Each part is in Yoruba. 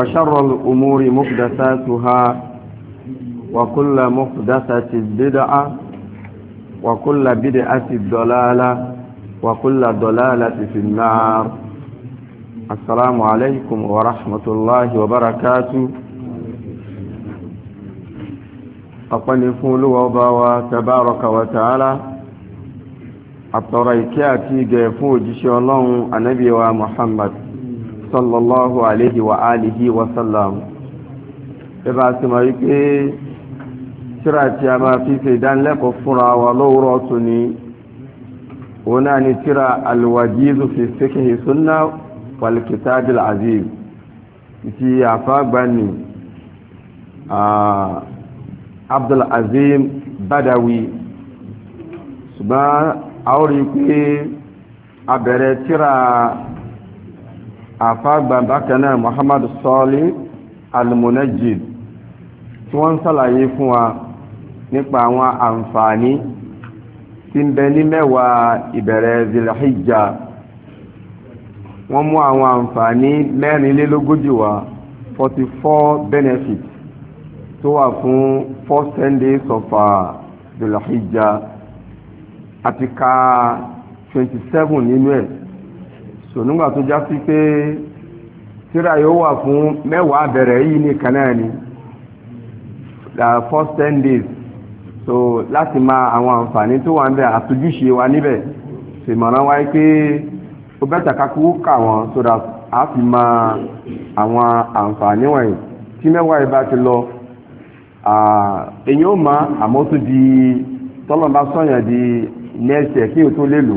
وشر الأمور محدثاتها وكل محدثة بدعة وكل بدعة ضلالة وكل ضلالة في النار السلام عليكم ورحمة الله وبركاته أقل فول وضا تبارك وتعالى أطريكاتي جيفوج شلون النبي ومحمد sallallahu alayhi wa alihi wa sallam ẹba ti mọ̀ wípé tíra tí a máa fi ṣe ìdánilẹ́kọ̀ọ́ fúnra wa lówùrọ̀ tún ni òun náà ni tíra alwajizu fi fiqhi sunna wal kitabil aziz ti àfáàgbani Abdul Azim Badawi ṣùgbọ́n a ó rí i pé a tíra àfáàgbà bákan náà muhammadu sọ́ọ́lì almunajid tí wọ́n ń sàlàyé fún wa nípa àwọn àǹfààní tí ń bẹ ní mẹ́wàá ìbẹ̀rẹ̀ zilhijja wọ́n mú àwọn àǹfààní mẹ́rinlélógójì wá forty four benefits tó wà fún four ten days of uh, zilhijja àti ka twenty seven nínú ẹ̀ so nígbà tó já sí pé tíra yóò wà fún mẹ́wàá bẹ̀rẹ̀ yìí nìkan náà ni the first ten days so láti máa àwọn àǹfààní tó wà ń bẹ àtúnjúṣe wa níbẹ̀ ṣèmọ̀ràn wáyé pé ó bẹ́tà kakú kà wọ́n so that a fi máa àwọn àǹfààní wọ̀nyí tí mẹ́wàá yìí bá ti lọ èyí ó máa àmọ́ tó di tọ́lọ́mbà sọ̀yàn di next year kí o tó lè lò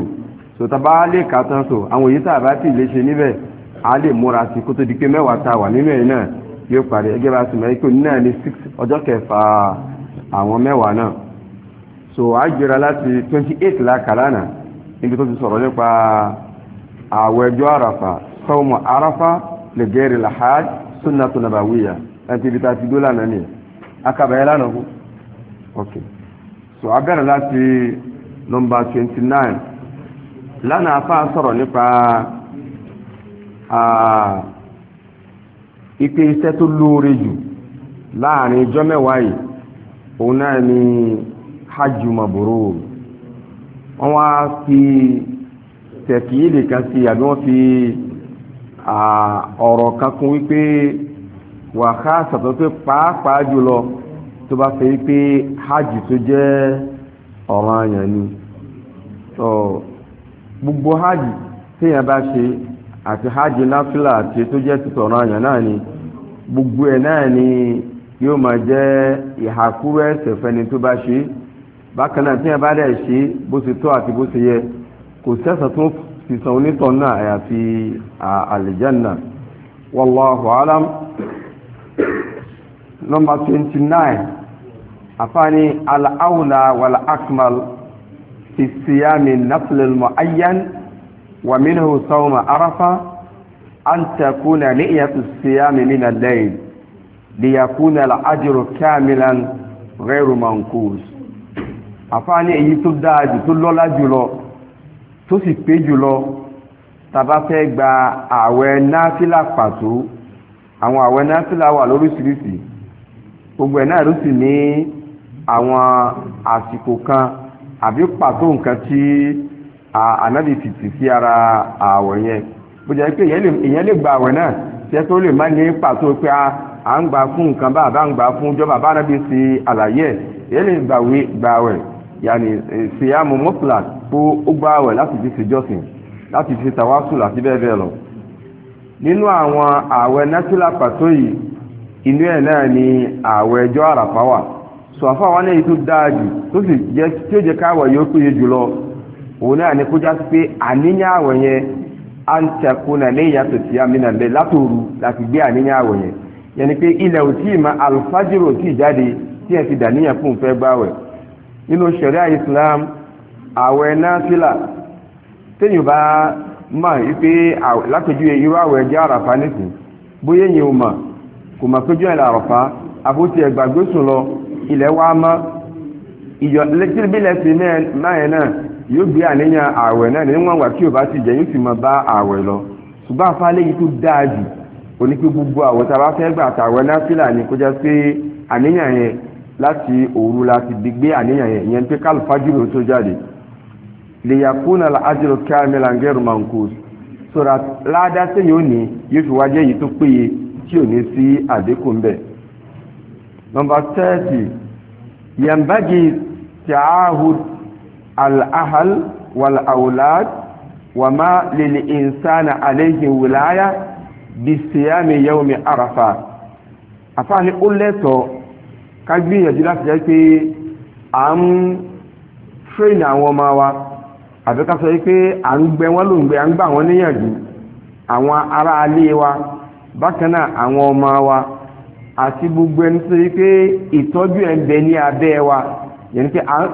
so tàbá lè kà tán so àwọn èyí tàbá tì lè ṣe níbẹ̀ a lè múra sí kó tó di pé mẹ́wàá ta wà nínú ẹ̀ náà yóò parí ẹgẹ́ bá sì mẹ́rin pé náà ní six ọjọ́ kẹfà àwọn mẹ́wàá náà so a jẹra láti twenty eight la kà lánàá níbi tó ti sọ̀rọ̀ nípa àwẹ̀ ọjọ́ àràfà sọ́wọ́mọ̀ àràfà lè gẹ́rì làhájì sunna tó nàbàwíyà láti ibi tá a ti dó lánàá nìyẹn akàbẹ̀yẹ lánàá kú ok so a bẹ̀rẹ̀ láti nọmba twenty nine lánàá afá sọ̀rọ̀ nípa ah, ipe iṣẹ́ tó lóore jù láàrin ijọ́ mẹ́wàá yìí òun náà ni hajj mabrur wọ́n wá fi tẹ̀kìlì kan sí àbí wọ́n fi ah, ọ̀rọ̀ kan kún wípé wàhá sàtọ́ pé pàápàá jùlọ tó bá fẹ́ wípé hajj tó jẹ́ ọ̀ranyàn ni. So, gbogbo hajj téèyàn bá ṣe àti hajj náfìlà àti tó jẹ́ títọ̀rọ̀ àyàn náà ni gbogbo ẹ̀ náà ni yóò máa jẹ́ ìhàkúrò ẹ̀ṣẹ̀ fẹ́ni tó bá ṣe bákan náà téèyàn bá dẹ̀ ṣe bó ṣe tọ́ àti bó ṣe yẹ kò sẹ́sàn tó fi san onítọ̀ náà àyàfi àlìjánà wallahu alam nọmba twenty nine àfáàní al-awla wal-akmal. في صيام النفل المعين ومنه صوم عرفة أن تكون نية الصيام من الليل ليكون الأجر كاملا غير منقوص àfáàní èyí tó dáa jù tó lọ́lá jùlọ tó sì pé jùlọ tàbá fẹ́ gba ààwẹ̀ náfìlà pàtó àwọn ààwẹ̀ náfìlà wà lóríṣiríṣi gbogbo ẹ̀ náà ló sì ní àwọn àsìkò kan àbí pàtó nǹkan tí ànábì fìtì sí ara àwẹ̀ yẹn bó jẹ́ pé èèyàn lè gba àwẹ̀ náà tí ẹ tó lè má ní pàtó pé à ń gbà fún nǹkan bá àbá ń gbà fún ìjọba bá ànábì sí àlàyé ẹ̀ èèyàn lè gbàwé gbàwẹ̀ yàní ṣìyàmù mọ́tòlá kó ó gbàwẹ̀ láti fi ṣèjọ́sìn láti fi tàwásù láti bẹ́ẹ̀ bẹ́ẹ̀ lọ nínú àwọn àwẹ̀ nátìlá pàtó yìí inú ẹ̀ náà ni àwẹ̀ ọjọ́ àràfá sọ àfa wọn lẹ́yìn tó dáa jù tó sì jẹ́ tí ó jẹ́ káwọ̀ yóò péye jùlọ òun náà ní kó já sí pé àníyàn àwẹ̀ yẹn á ń tẹ̀kùn náà lẹ́yìn yàtọ̀ sí àmìnà lẹ́ látòru láti gbé àníyàn àwẹ̀ yẹn yẹn ni pé ilẹ̀ ò tí ì mọ alfajiro tí ì jáde tí ẹ̀ ti dàníyàn fún un fẹ́ gbáwẹ̀ nínú ṣẹ̀ríà Islam àwẹ̀ náà sílà téèyàn bá mọ̀ wípé látọ̀jú irú àwẹ̀ jẹ́ àràfà nísìn bóyá èèyàn ò mọ̀ kò mọ̀ péjú ẹ̀ ẹ̀ ilẹ̀ wa mọ́ ìjọ lẹ́tìrìbílẹ̀ sí mẹ́rin náà yóò gbé àníyàn ààwẹ̀ náà níwọ̀n wà kí o bá ti jẹ́ yóò sì mọ bá ààwẹ̀ lọ ṣùgbọ́n afálẹ́ yìí tó dáa jù oní pé gbogbo àwọ̀ tá a bá fẹ́ gbà tàwọn náfìlà ni kó jẹ́ pé àníyàn yẹn láti òru láti gbé àníyàn yẹn ìyẹn pé kálùfájúrò tó jáde lè yàkúnà àjẹrò káàmìlà ń gẹrù mancos sí àdínkù bẹ̀. Number 30, ينبغي تعاهد الأهل والأولاد وما للإنسان عليه ولاية بصيام يوم عرفة. Àfáàní ó lẹ́tọ̀ọ́ ká gbìyànjú láti jẹ́ pé à ń train àwọn ọmọ wa àbí ká sọ pé à ń gbẹ wọ́n lóǹgbẹ à ń gbà wọ́n níyànjú àwọn ará alé wa bákan náà àwọn wa àti gbogbo ẹni tó yí pé ìtọ́jú ẹ̀ ń bẹ ní abẹ́ wa yẹn pé à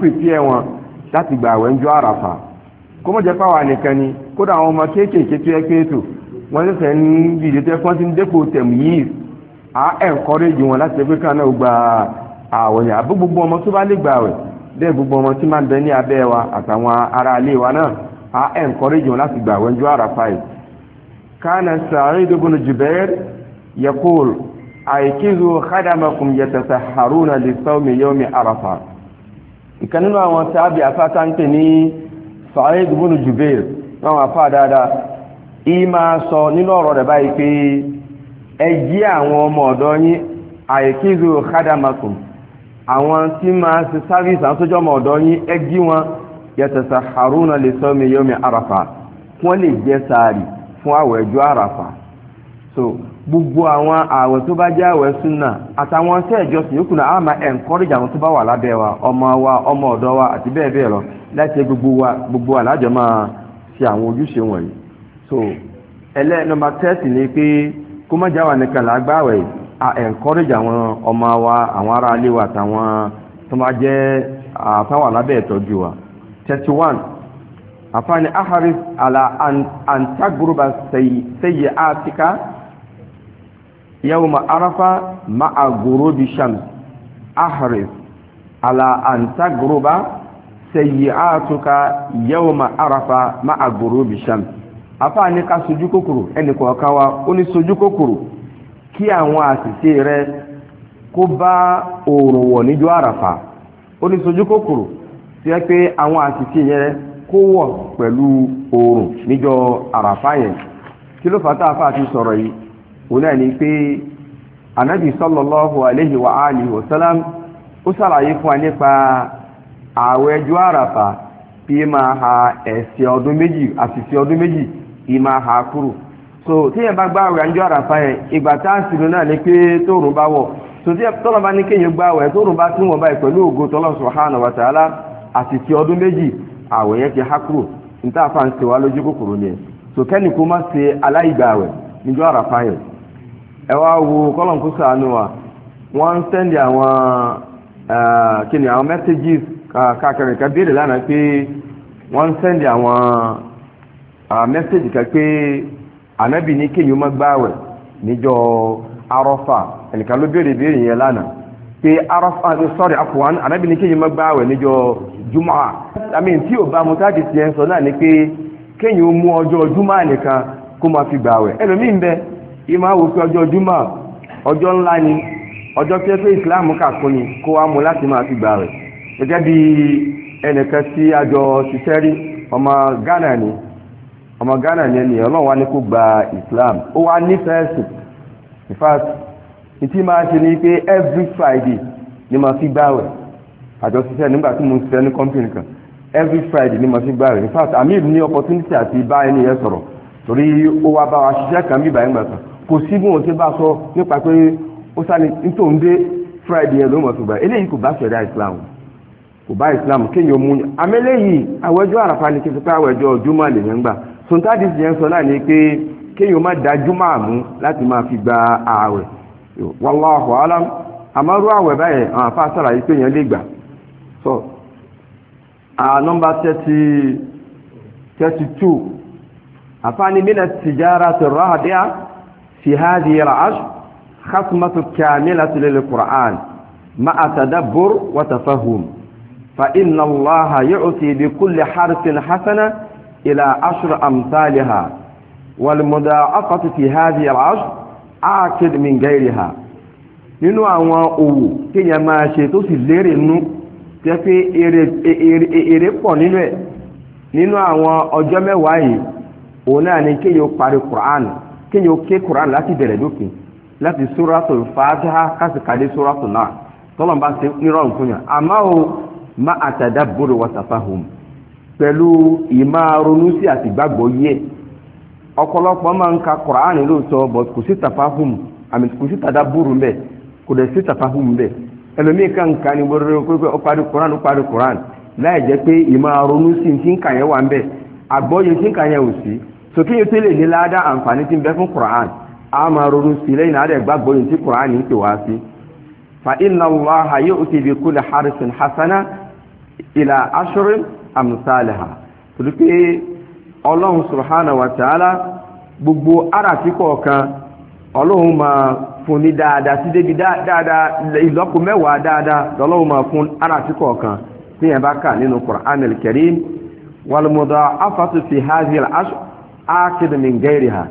prepare wọn láti gbà àràfà kó pàwọ́ ni kódà àwọn ọmọ kéékèèké tó yẹ pé ètò wọ́n ṣẹ̀ṣẹ̀ ń dìde tẹ́ fọ́n ti ń dépò tẹ̀m yìí à ń encourage wọn gba yẹn gbogbo ọmọ tó bá lè gbà àwẹ̀ bẹ́ẹ̀ gbogbo ọmọ tí máa ń bẹ ní abẹ́ wa àtàwọn ará ilé wa náà à ń encourage wọn láti gbà àràfà كان سعيد بن جبير يقول أيكزوا خدمكم يتسحرون لصوم يوم عرفة ìkan nínú àwọn sáábì afáta ń pè ní Sa'id ibn Jubair náà afá dáadáa ìyí máa sọ nínú ọ̀rọ̀ rẹ̀ báyìí pé ẹ jí àwọn ọmọ ọ̀dọ́ yín àìkízu khadamakum àwọn tí máa ṣe sáfíìsì àtúnjọ́ ọmọ ọ̀dọ́ yín ẹ jí wọn yatasahharuna li sawmi yawmi Arafah wọ́n lè jẹ sáàrì fún àwẹ̀ ọjọ́ àràfà so gbogbo àwọn àwẹ̀ tó bá jẹ́ àwẹ̀ súnà àtàwọn ìjọsìn yókù náà àwọn tó wa ọmọ wa ọmọ ọ̀dọ́ wa àti bẹ́ẹ̀ bẹ́ẹ̀ lọ láti gbogbo wa gbogbo àlájọ máa ṣe àwọn ojúṣe so ẹlẹ́ nọmba tẹ́sì ni pé kó má jáwà nìkan à àwọn ọmọ wa àwọn wa àtàwọn afani aharis ala an, an tagruba sayi atika yawma arafa ma'a gurubi shams aharis ala an tagruba sayi atuka yawma arafa ma'a gurubi shams afani ka sojú kòkòrò ẹnìkọ̀ ọ̀kan wa ó ní sojú kòkòrò kí àwọn àṣìṣe rẹ kó bá òòrùn wọ̀ níjọ́ àràfà ó ní sojú kòkòrò ẹ pé àwọn àṣìṣe yẹn kó pẹ̀lú oòrùn níjọ́ àràfá yẹn ló fàtà àfà àti sọ̀rọ̀ yìí ni pé anabi sallallahu alayhi wa wa ó ṣàlàyé fún wa nípa ààwẹ̀ àràfà bí máa ha ẹ̀sìn ọdún méjì àṣìṣe ọdún ha kúrò so téèyàn bá gba àwẹ̀ ọjọ́ àràfà yẹn ìgbà tá a sì lò náà ni pé gba àwẹ̀ tóòrùn bá tún wọ̀ báyìí pẹ̀lú ògo àwẹ̀ yẹn ti há kúrò níta àfa ń ṣe wá lójú kòkòrò ni ẹ̀ sòkẹ́ni kó má ṣe aláìgbàwẹ̀ níjọ́ àràfà yẹn ẹ wá wo kọ́lọ̀n kó sàánú wa wọ́n ń sẹ́ndì àwọn kíni àwọn messages káàkiri ká béèrè lánàá pé wọ́n ń sẹ́ndì àwọn message kan pé ànábì ní kéèyàn má gbàwẹ̀ níjọ́ àrọ́fà ẹnìkan ló béèrè béèrè yẹn lánàá pé araf àti sọ́rì afuwan anábì ní kéyìn mọ́gbà àwẹ̀ níjọ́ jùmọ́à àmì tí ò bá mú táàdì ti ẹ̀ sọ náà ni pé kéyìn ó mú ọjọ́ jùmọ́à nìkan kó máa fi gbà àwẹ̀ ẹlòmí ń bẹ ìmọ̀ àwò pé ọjọ́ jùmọ́à ọjọ́ ńlá ni ọjọ́ pé pé ìsìláàmù kàkún ni kó wá mú láti máa fi gbà àwẹ̀ gẹ́gẹ́ bí ẹnìkan tí àjọ ṣiṣẹ́ rí Ghana ni ọmọ Ghana ni ẹni ọlọ́run wá ní kó gba ìsìláàmù ó wá nífẹ̀ẹ́ sùn in fact ìtí máa ṣe ni pé every friday ni màá fi gbààwẹ̀ àjọṣiṣẹ́ nígbà tí mo ń ṣiṣẹ́ ní company kan every friday ni màá fi gbààwẹ̀ in fact amir ní opportunity àti bá ẹni yẹn sọ̀rọ̀ torí ó wá bá wa ṣiṣẹ́ kan bíbá ẹ̀ ń gbà kan kò sí bí wọ́n ṣe bá sọ nípa pé ó sáré nítorí dé friday yẹn ló mọ̀ fún gbà eléyìí kò bá ṣẹ̀dá islam kò bá islam kéèyàn mú yàn àmẹ́lẹ́yìí àwẹ̀jọ́ àràfà ni kìí pé àwẹ̀jọ́ jùmọ̀ lè yẹn gbà sọ̀tàdìsì yẹn sọ náà ni pé kéèyàn má da jùmọ̀ àmú láti máa fi gba ààwẹ̀ wallahu alam àmọ́rú àwẹ̀ báyìí àwọn afá sàlàyé pé èèyàn lè gbà so nọ́mbà thirty thirty two àfáàní mílẹ̀ tìjára ti rọ́hàdíà fi hádì ra'ash khasmatu kamila ti lil qur'an ma'a tadabbur wa tafahum fa inna allaha yu'ti bi kulli harfin hasana ila ashri amsalha wal mudha'afati fi hádì ra'ash akid min gairiha nínú àwọn òwò kéèyàn máa ṣe tó sì lérè nú jẹ́ pé èrè pọ̀ nínú ẹ̀ nínú àwọn ọjọ́ mẹ́wàá yìí òun náà ni kéèyàn parí Qur'an kéèyàn ké Qur'an láti bẹ̀rẹ̀ dópin láti sóràtò fàájá kásìkàdé sóràtò náà tọ́lọ̀ bá ṣe nírọ̀rùn fún yàn àmọ́ o má àtàdá bòrò wàtàfà hùm pẹ̀lú ìmáa ronú sí àtìgbàgbọ́ yìí ọ̀pọ̀lọpọ̀ máa ń ka kọ̀ránì lóòótọ́ but kò sí tafahum àmì kò sí tàdábùrù mbẹ kò dẹ̀ sí tafahum mbẹ ẹlòmíì kan ń ka ni wọ́rọ́rọ́ pé ó parí kọ̀ránì ó parí kọ̀ránì láì jẹ́ pé ìmọ̀ ronú sí ti ń kà yẹn wà mbẹ àgbọ́yé ti ń kà yẹn ò sí sókè yóò tẹ́lẹ̀ ní ládá àǹfààní ti ń bẹ fún kọ̀ránì a máa ronú sí lẹ́yìn náà gbàgbọ́ yìí tí kọ̀ránì ń ọlọ́run subhanahu wa ta'ala gbogbo àràfí kọ̀ọ̀kan ọlọ́run máa fún ní dáadáa sí débi dáadáa ìlọ́po mẹ́wàá dáadáa lọ́lọ́run máa fún àràfí kọ̀ọ̀kan tí yẹn bá kà nínú Qur'an al-Karim wàlùmọ̀dọ̀ afásù fi hazil ákìdì min gairiha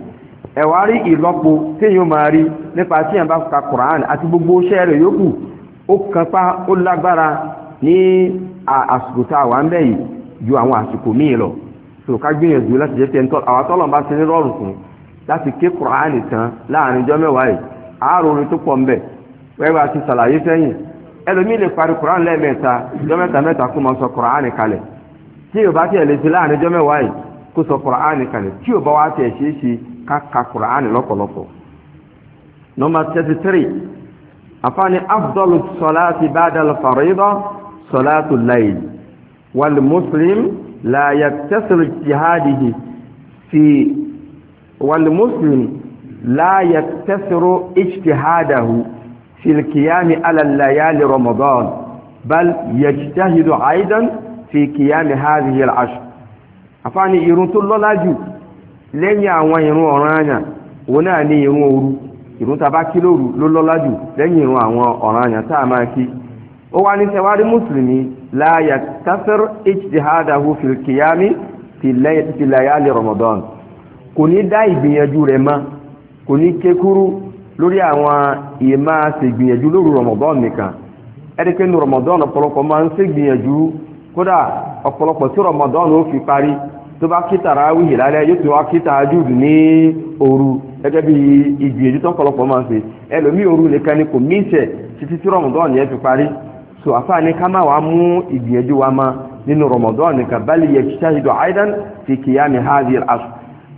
ẹ̀wà rí ìlọ́po tí yóò máa rí nípa tí yẹn bá ka Qur'an àti gbogbo iṣẹ́ rẹ̀ yókù ó kapa ó lágbára ní àsìkò tá a wà ń bẹ̀ yìí ju àwọn àsìkò míì lọ so ká gbìyànjú láti jẹ́ pé ẹni tọ́lọ̀ àwọn tọ́lọ̀ bá ṣe ní rọrùn fún láti ké kùránì tán láàrin ijọ́ mẹ́wàá yìí àárò orin tó pọ̀ ńbẹ̀ wẹ́wẹ́ àti sàlàyé sẹ́yìn ẹlòmíì lè parí kùránì lẹ́ẹ̀mẹ́ta ijọ́ mẹ́ta mẹ́ta kó máa sọ kùránì kalẹ̀ tí yóò bá tiẹ̀ lè ṣe láàrin ijọ́ mẹ́wàá yìí kó sọ kùránì kalẹ̀ tí yóò bá wá tiẹ̀ ṣe é ṣe ká ka kùránì lọ́pọ̀lọpọ̀. nọ́mbà thirty لا يقتصر اجتهاده في والمسلم لا يقتصر اجتهاده في القيام على الليالي رمضان بل يجتهد أيضا في قيام هذه العشر afáàní ìrun tó lọ́lá jù lẹ́yìn àwọn ìrun ọ̀ranyàn òun náà ní ìrun òru ìrun tàbá kí lóru ló lọ́lá jù lẹ́yìn ìrun àwọn ọ̀ranyàn tá a máa kí ó wá ní sẹwárí mùsùlùmí la yaktasir ijtihadahu fil qiyami fi layali ramadan kò ní dá ìgbìyànjú rẹ̀ mọ́ kò ní kékúrú lórí àwọn ìmá ṣe ìgbìyànjú lórí ramadan nìkan ẹ̀ríkẹ́ ní ramadan ọ̀pọ̀lọpọ̀ máa ń ṣe ìgbìyànjú kódà ọ̀pọ̀lọpọ̀ tí ramadan ó fi parí tó bá kí tàràwíhì lálẹ́ yóò tó wá kí tàájúd ní òru gẹ́gẹ́ bí ìgbìyànjú tó ọ̀pọ̀lọpọ̀ máa ń ṣe ẹlòmí òru nìkan ni kò mí so àfáà ní ká máa wá mú ìgbìyànjú wa ma nínú Ramadan nìkan bali yajtahidu aidan fi qiyami hadhihi al-asr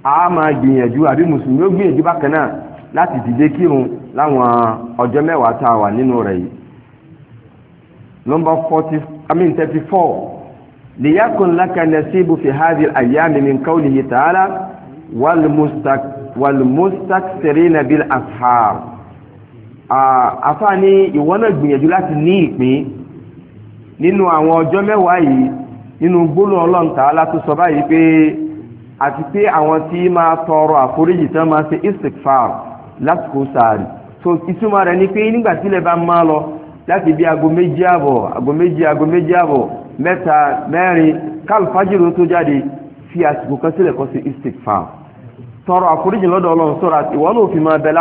a máa gbìyànjú àbí mùsùlùmí ó gbìyànjú bákan náà láti dìde kírun láwọn ọjọ́ mẹ́wàá tá a wà nínú rẹ̀ yìí number forty i mean thirty liyakun laka nasibu fi hadhihi al-ayyami min qawlihi ta'ala wal mustak wal mustakthirina bil ashar àfà ní ìwọ náà gbìyànjú láti ní ìpín nínú àwọn ọjọ́ mẹ́wàá yìí nínú gbólóhùn Ọlọ́run Ta'ala tó sọ báyìí pé àti pé àwọn tí máa tọrọ àforíjì tán máa ṣe istikfar lásìkò sàárì so ìtumọ̀ rẹ̀ ni pé nígbà tílẹ̀ bá máa lọ láti bí aago méjì àbọ̀ aago méjì aago méjì àbọ̀ mẹ́ta mẹ́rin kálùfájìrò tó jáde fi àsìkò kan sílẹ̀ kọ́ sí istikfar tọrọ àforíjì lọ́dọ̀ ọlọ́run sọ́ra tí wọ́n lòfin máa bẹ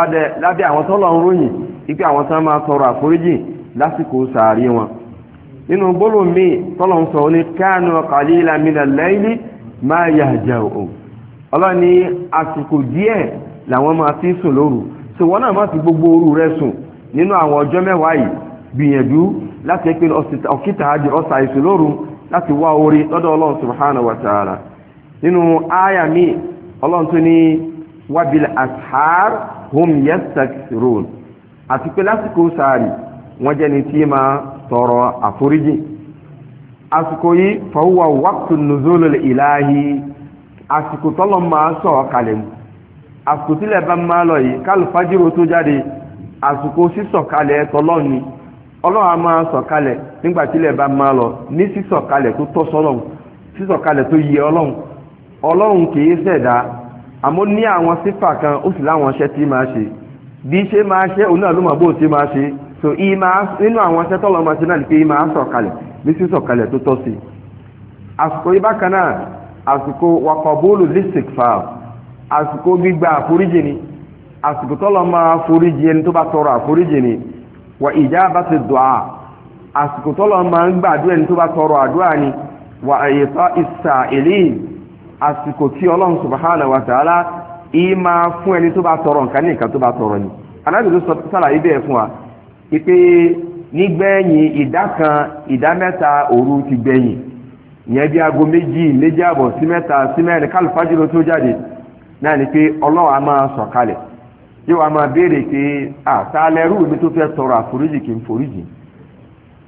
lábẹ́ àwọn tọ́lọ́run ròyìn wípé àwọn tán máa tọrọ àforíjì lásìkò sàárì wọn nínú gbólóhùn míì tọ́lọ́run sọ ní káànù qalilan minal layli máa yahja'un ọlọ́run ní àsìkò díẹ̀ làwọn máa fi sùn lóru wọ́n náà má gbogbo rẹ sùn nínú àwọn ọjọ́ mẹ́wàá yìí gbìyànjú láti ọ̀sà lóru láti wá orí lọ́dọ̀ ọlọ́run subhanahu wa ta'ala nínú ọlọ́run tó ní wábìlì ashar hum àti pé lásìkò sáàrì wọ́n jẹ́ tí ma tọrọ àforíjì àsìkò yìí àsìkò máa àsìkò bá máa lọ yìí tó jáde àsìkò sísọ̀kalẹ̀ ni a máa sọ̀kalẹ̀ nígbà bá máa lọ ní sísọ̀kalẹ̀ tó tọ́ ọlọ́run kìí ṣẹ̀dá àmọ́ ní àwọn sífà kan ó sì láwọn iṣẹ́ tí máa ṣe bí ṣe máa ṣe òun náà ló mọ̀ bó ṣe máa ṣe so ìmá nínú àwọn iṣẹ́ tọ́lọ́ máa ṣe náà ni pé ìmá sọ̀kalẹ̀ bí sí sọ̀kalẹ̀ tó tọ́ sí i àsìkò ìbákan náà àsìkò wakọ̀bóòlù listic file àsìkò gbígba àforíjì ni àsìkò tọ́lọ́ máa foríjì ẹni tó bá tọrọ àforíjì ni wà ìjà bá ti dùn à àsìkò tọ́lọ́ máa ń gbàdúrà ẹni tó bá tọrọ àdúrà ni wà àyè àsìkò tí ọlọ́run subhanahu wa ta'ala ìyí máa fún ẹni tó bá tọrọ nǹkan ní nǹkan tó bá tọrọ ni anábì sàlàyé bẹ́ẹ̀ fún wa pé nígbẹ̀yìn ìdá kan ìdá mẹ́ta òru ti gbẹ̀yìn ìyẹn bí aago méjì méjì àbọ̀ sí ni pé ọlọ́run máa yóò wá máa béèrè pé mi tó fẹ́ tọrọ àforíjì foríjì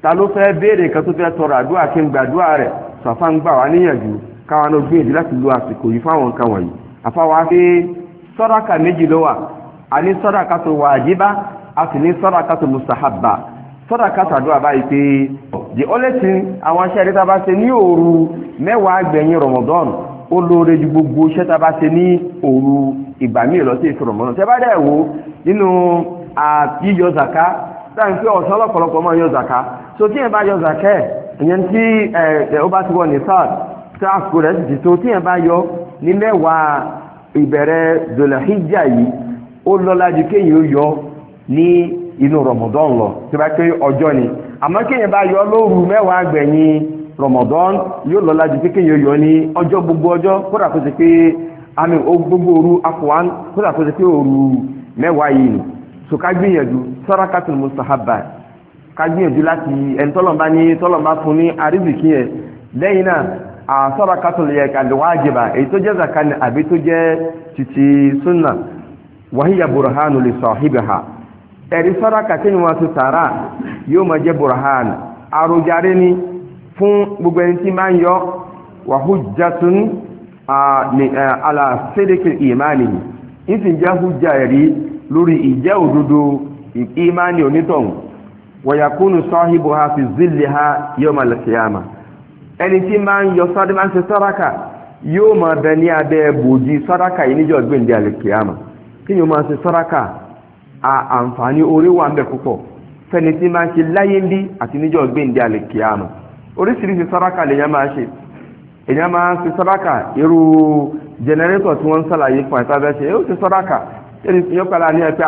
ta ló fẹ́ béèrè nǹkan tó fẹ́ tọrọ àdúrà kí n gbàdúrà rẹ̀ sọ̀fà ń gbà wá káwa náà gbìyànjú láti lo àsìkò yìí fáwọn nǹkan wọ̀nyí àfáwà pé sọ́dáka méjì ló wà a ní sọ́dáka tó wàjíbà a sì ní sọ́dáka tó mustahabba sọ́dáka tàdúrà báyìí pé the only thing àwọn aṣẹ́ ẹ̀rí tá a bá ṣe ní òru mẹ́wàá gbẹ̀yìn Ramadan ó lóore ju gbogbo iṣẹ́ tá a bá ṣe ní òru ìgbà míì lọ sí ìṣòro mọ́nà tẹ́ bá dẹ̀ wò nínú àyíyọ zaka táà ń fi ọ̀sán sáàkù rẹ̀ ti tó tí yẹn bá yọ ní mẹ́wàá ìbẹ̀rẹ̀ zolahijja yìí ó lọ́lá ju kéyìn ó yọ ní inú rọmọdán lọ tí bá pé ọjọ́ ni àmọ́ kéyìn bá yọ lóru mẹ́wàá gbẹ̀yìn rọmọdán yóò lọ́lá ju pé kéyìn ó yọ ní ọjọ́ gbogbo ọjọ́ kódà kó ti pé àmì gbogbo òru afọwán kódà kó ti pé òru mẹ́wàá yìí ni so ká gbìyànjú sọ́rákàtún mustahaba ká gbìyànjú láti ẹni ní tọ́lọ́mbá fún ní àrízìkí yẹn lẹ́yìn náà àsọ́ra kátólì yẹ àlùwájìbà èyí tó jẹ́ zaka ni àbí tó jẹ́ títí súnà wàhíyà burhanu lè sọ híbìhà ẹ̀rí sọ́ra kàtẹ́yìn wọn tó tààrà yóò máa jẹ́ burhanu àròjàre ni fún gbogbo ẹni tí máa ń yọ wàhújàtún aláṣẹ́dẹ́kẹ̀ ìmáàlì ìsìn jẹ́ hújà ẹ̀rí lórí ìjẹ́ òdodo ìmáàlì onítọ̀hún wàyàkúnù sọ́híbù ha fi zìlì ha yawm al-qiyamah ẹni tí máa ń yọ sọ́dọ́ máa ń ṣe sàráà yóò máa bẹ ní abẹ́ bòójì sàráà yìí níjọ́ gbèǹde àlùkìyàmà kí ni o máa ṣe sàráà a àǹfààní orí wà ń bẹ púpọ̀ fẹ́ni tí máa ń ṣe láyé ńlí àti níjọ́ gbèǹde àlùkìyàmà oríṣiríṣi sàráà lèèyàn máa ṣe èèyàn máa ń ṣe sàráà irú jẹnẹrétọ̀ tí wọ́n ń sàlàyé fún àìsàbẹ̀ṣe ó ṣe sàráà yóò pẹ̀lú àníyàn pé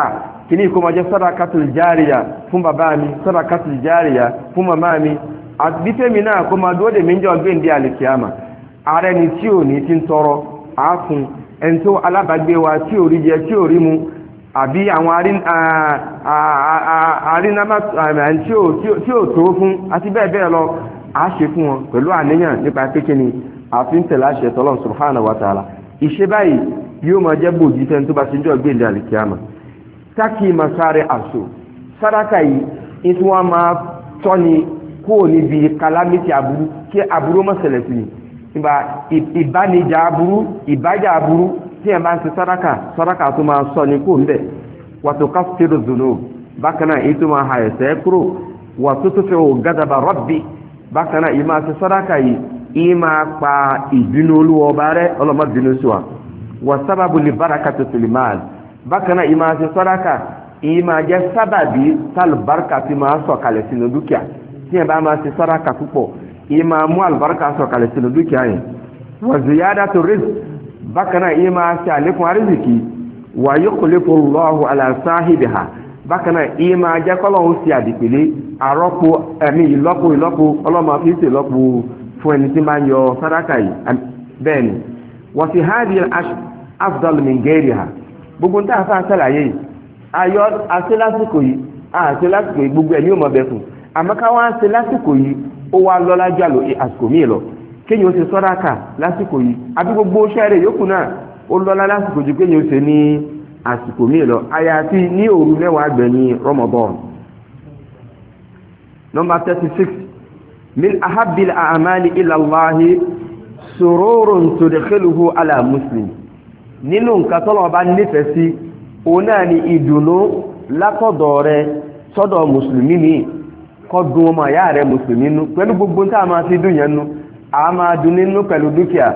à àti tèmi náà kó máa dúró dèmí jọ gbé ní alìkíyàmà ààrẹ ni tí ò ní ti ń tọrọ àáfún ẹni tó alábàágbé wa tí ò rí jẹ tí ò rí mu àbí àwọn arínámà tí ò tó fún àti bẹ́ẹ̀ bẹ́ẹ̀ lọ a ṣe fún wọn pẹ̀lú àníyàn nípa kékeré ni àfin tẹ̀lé àṣẹ tọ́lọ́ subhanahu wa ta'ala ìṣe báyìí yóò máa jẹ́ bòjì fẹ́ni tó bá ti ń jọ gbé ní alìkíyàmà tákì máa sáré àṣò sáràkà yìí ní tí wọ́n máa tọ́ni kúrò níbi kalamity aburú kí aburú aburu ṣẹlẹ̀ sí ìgbà ìbánijà aburú ìbájà aburú tí ẹ̀ bá ń se sàdákà sàdákà tó máa sọ ní kò ń bẹ̀ wàtò ká zùnú bákan náà tó máa hà ẹ̀sẹ̀ kúrò wàtò tó fẹ́ wò gádàbà rọ́bì bákan náà yìí pa ìbínú ọba rẹ ọlọ́mọ bínú wa wà sábàbù tó tìlì máa sábàbí tí ẹ bá máa ṣe sàráà púpọ̀ ìyẹn máa mú àlùbáríkà sọ̀kalẹ̀ sínú dúkìá yẹn wa ziyadatu rizq bákan náà ìyẹn máa ṣe àlékún àrísìkì wa yukhlifu Allahu ala sahibiha bákan náà ìyẹn máa jẹ́ kọ́lọ́hún ṣe àdìpèlé àrọ́pò ẹ̀mí ìlọ́po ìlọ́po ọlọ́mọ fi ń ṣe fún ẹni tí máa yọ sàráà yìí bẹ́ẹ̀ ni wa fi hadhihi afdal min ghayriha gbogbo ń tà fún àṣàlàyé yìí ayọ́ àṣẹ lásìkò yìí àṣẹ lásìkò gbogbo ẹ̀ ní òmọ̀ bẹ́ẹ̀ fún àmọ́ ká wá ń ṣe lásìkò yìí ó wá lọ́lá jà lò àsìkò míì lọ kéèyàn ó ṣe sọ́dáàkà lásìkò yìí àbí gbogbo iṣẹ́ yókù náà ó lọ́lá lásìkò ju kéèyàn ó ṣe ní àsìkò míì lọ àyàfi ní òru mẹ́wàá gbẹ̀yìn Ramadan. nọmba thirty six min ahabil amali ilallahi sururun tudkhiluhu ala muslim nínú nǹkan tọ́lọ́ bá nífẹ̀ẹ́ sí òun náà ni ìdùnnú látọ̀dọ̀ rẹ̀ sọ́dọ̀ mùsùlùmí mìíràn kọ́ dùn ọmọ ìyá rẹ̀ mùsùlùmí nú pẹ̀lú gbogbo tí a máa fi dùn yẹn nú a máa dùn nínú pẹ̀lú dúkìá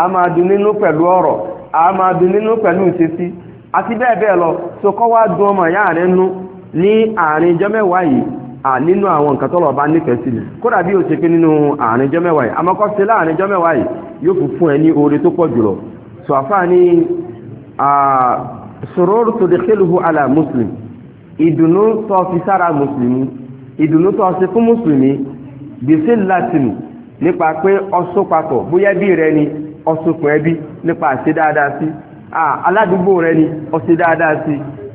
a máa dùn nínú pẹ̀lú ọ̀rọ̀ a máa dùn nínú pẹ̀lú ìṣesí àti bẹ́ẹ̀ bẹ́ẹ̀ lọ so kọ́ wá ọmọ rẹ̀ nú ní àárín ijọ́ mẹ́wàá yìí ni kódà bí o ṣe pé nínú àárín ijọ́ mẹ́wàá yìí ṣe láàárín ijọ́ mẹ́wàá yìí yóò fi fún ẹ ní oore tó pọ̀ ìdùnnú tó fún mùsùlùmí látìmù nípa pé ọsùn papọ̀ bóyá bí rẹ ni ọsùn ẹbí nípa àṣẹ dáadáa sí aládùúgbò rẹ ni ọṣẹ dáadáa sí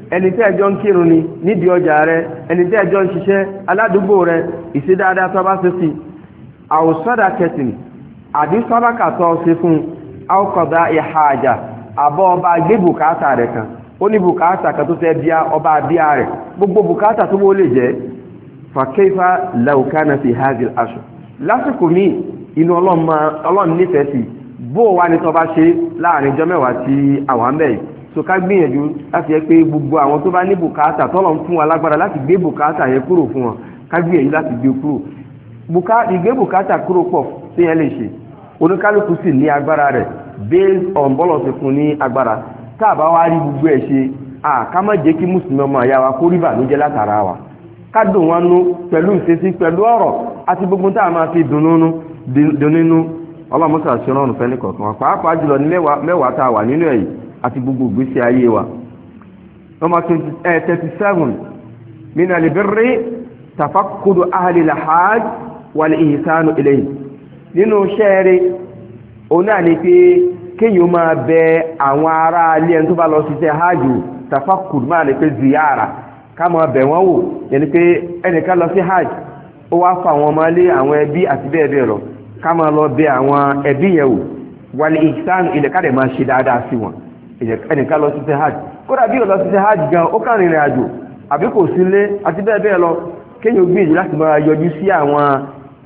ẹni tí ẹjọ́ ń kírun ni nídìí ọjà rẹ ẹni tí ẹjọ́ ń ṣiṣẹ́ aládùúgbò rẹ ìṣe dáadáa tó bá ṣe sí àwòsọ́dà kẹsìn àbí sábàkà tó fún àwòkọ̀dá ìhà àjà àbọ̀ ọba gbé bùkátà rẹ̀ kan ó ní bùkátà kan tó fẹ́ bíá ọba bíá fàkẹ́fà lẹ́wọ̀kánà fi hajj aṣọ lásìkò mí inú ọlọ́run nífẹ̀ẹ́ sí bó wà ní tọba ṣe láàrin ọjọ́ mẹ́wàá tí àwọn àmì ẹ̀ so ká gbìyànjú láti yẹ pé gbogbo àwọn tó bá ní bùkátà tọ́lọ̀ ń fún wa lágbára láti gbé bùkátà yẹn kúrò fún wọn ká gbìyànjú láti gbé kúrò ìgbé bùkátà kúrò pọ̀ tí yẹn lè ṣe oníkálukú sì ní agbára rẹ̀ based on bọ́lọ̀ ti fún ní agbára tá a bá wá rí gbogbo ẹ̀ ṣe àkámọ́jẹ́ kí mùsùlùmí ọmọ àyà wa kó rí bànújẹ́ látara wa kádùn wọn nú pẹ̀lú ìṣesí pẹ̀lú ọ̀rọ̀ àti gbogbo tá a máa fi dùnnú dùnnú ọlọ́mọ́sà ṣe rọrùn fẹ́ nìkọ̀ọ̀kan wa pàápàá jùlọ ní mẹ́wàá tá a wà nínú èyí àti gbogbo ìgbésí ayé wa. nọ́mbà eh, thirty seven mina libiri tafakudu ahalila lahaj wàlẹ̀ ìyísánu eléyìí nínú sẹ́ẹ̀rì òun náà ni pé kéèyàn máa bẹ àwọn ará ilé ẹni tó bá lọ ṣiṣẹ́ hajj tafakudu máa ní pé ziyara káàmọ́ bẹ̀ wọ́n wò yẹni pé ẹnìkan lọ sí hajj ó wá fa àwọn ọmọ ilé àwọn ẹbí àti bẹ́ẹ̀ bẹ́ẹ̀ lọ káàmọ́ lọ bẹ àwọn ẹbí yẹn wò wàlẹ̀ ìsán ilẹ̀ máa ṣe dáadáa sí wọn ẹnìkan lọ sí hajj kódà bí hajj gan ó kàn rìnrìn àjò àbí kò àti bẹ́ẹ̀ bẹ́ẹ̀ lọ kéèyàn gbìyànjú láti máa yọjú sí àwọn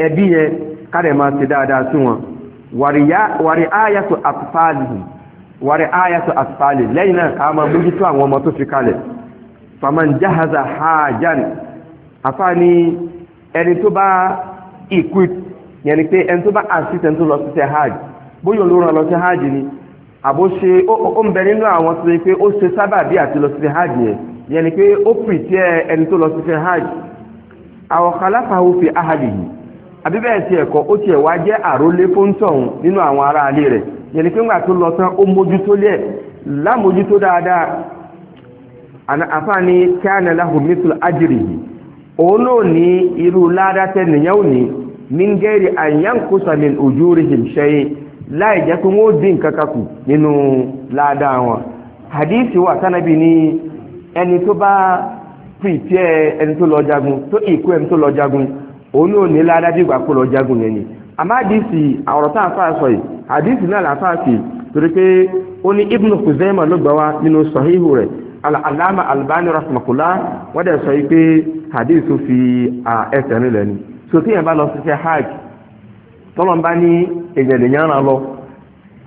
ẹbí yẹn máa ṣe dáadáa sí wọn wàrí lẹ́yìn náà ká máa mójútó àwọn ọmọ tó fi kalẹ̀ faman jahaza hajjan afá ni ẹni tó bá equip yẹni pé ẹni tó bá assist ẹni tó lọ sí hajj bóyá olóòrán lọ sí hajj ni àbó ṣe ó ń bẹ nínú àwọn tó yẹ pé ó ṣe sábàbí àti lọ sí hajj yẹn yẹni pé ó pìtẹ́ ẹni tó lọ sí hajj àwọn kàláfàáwò fi ahàlì yìí àbí bẹ́ẹ̀ tiẹ̀ kọ́ ó tiẹ̀ wá jẹ́ àrólé fóńtọ̀hún nínú àwọn aráalé rẹ̀ yẹni pé ńgbà tó lọ tán ó mójútó lẹ̀ lámójútó dáadáa ana ní kíánà láhùn mítù ájìrìhì òun náà ní irú ládàtẹ́ nìyẹn òní ní gẹ́rì àyànkúsàmì òjúrihìm ṣẹ́yẹ láì jẹ́ kí wọ́n dín kankan nínú wọn hadisi wa tánàbí ní ẹni tó bá pìtẹ́ ẹni tó lọ jagun tó ìkú ẹni tó lọ jagun òun náà ní ládàá bí ìgbà kó lọ jagun yẹn ni àmọ́ hadisi àwọ̀rọ̀ tá a fà sọ yìí náà làá fà sí torí pé ó ní ibnu Khuzaimah nínú sọ̀híhù alama albani rahmatullah wọ́n dẹ̀ sọ pé hadith fi ẹsẹ̀ rìn lẹ́nu so tí yẹn bá lọ ṣiṣẹ́ hajj tọ́lọ̀ ń bá ní èèyàn lè yára lọ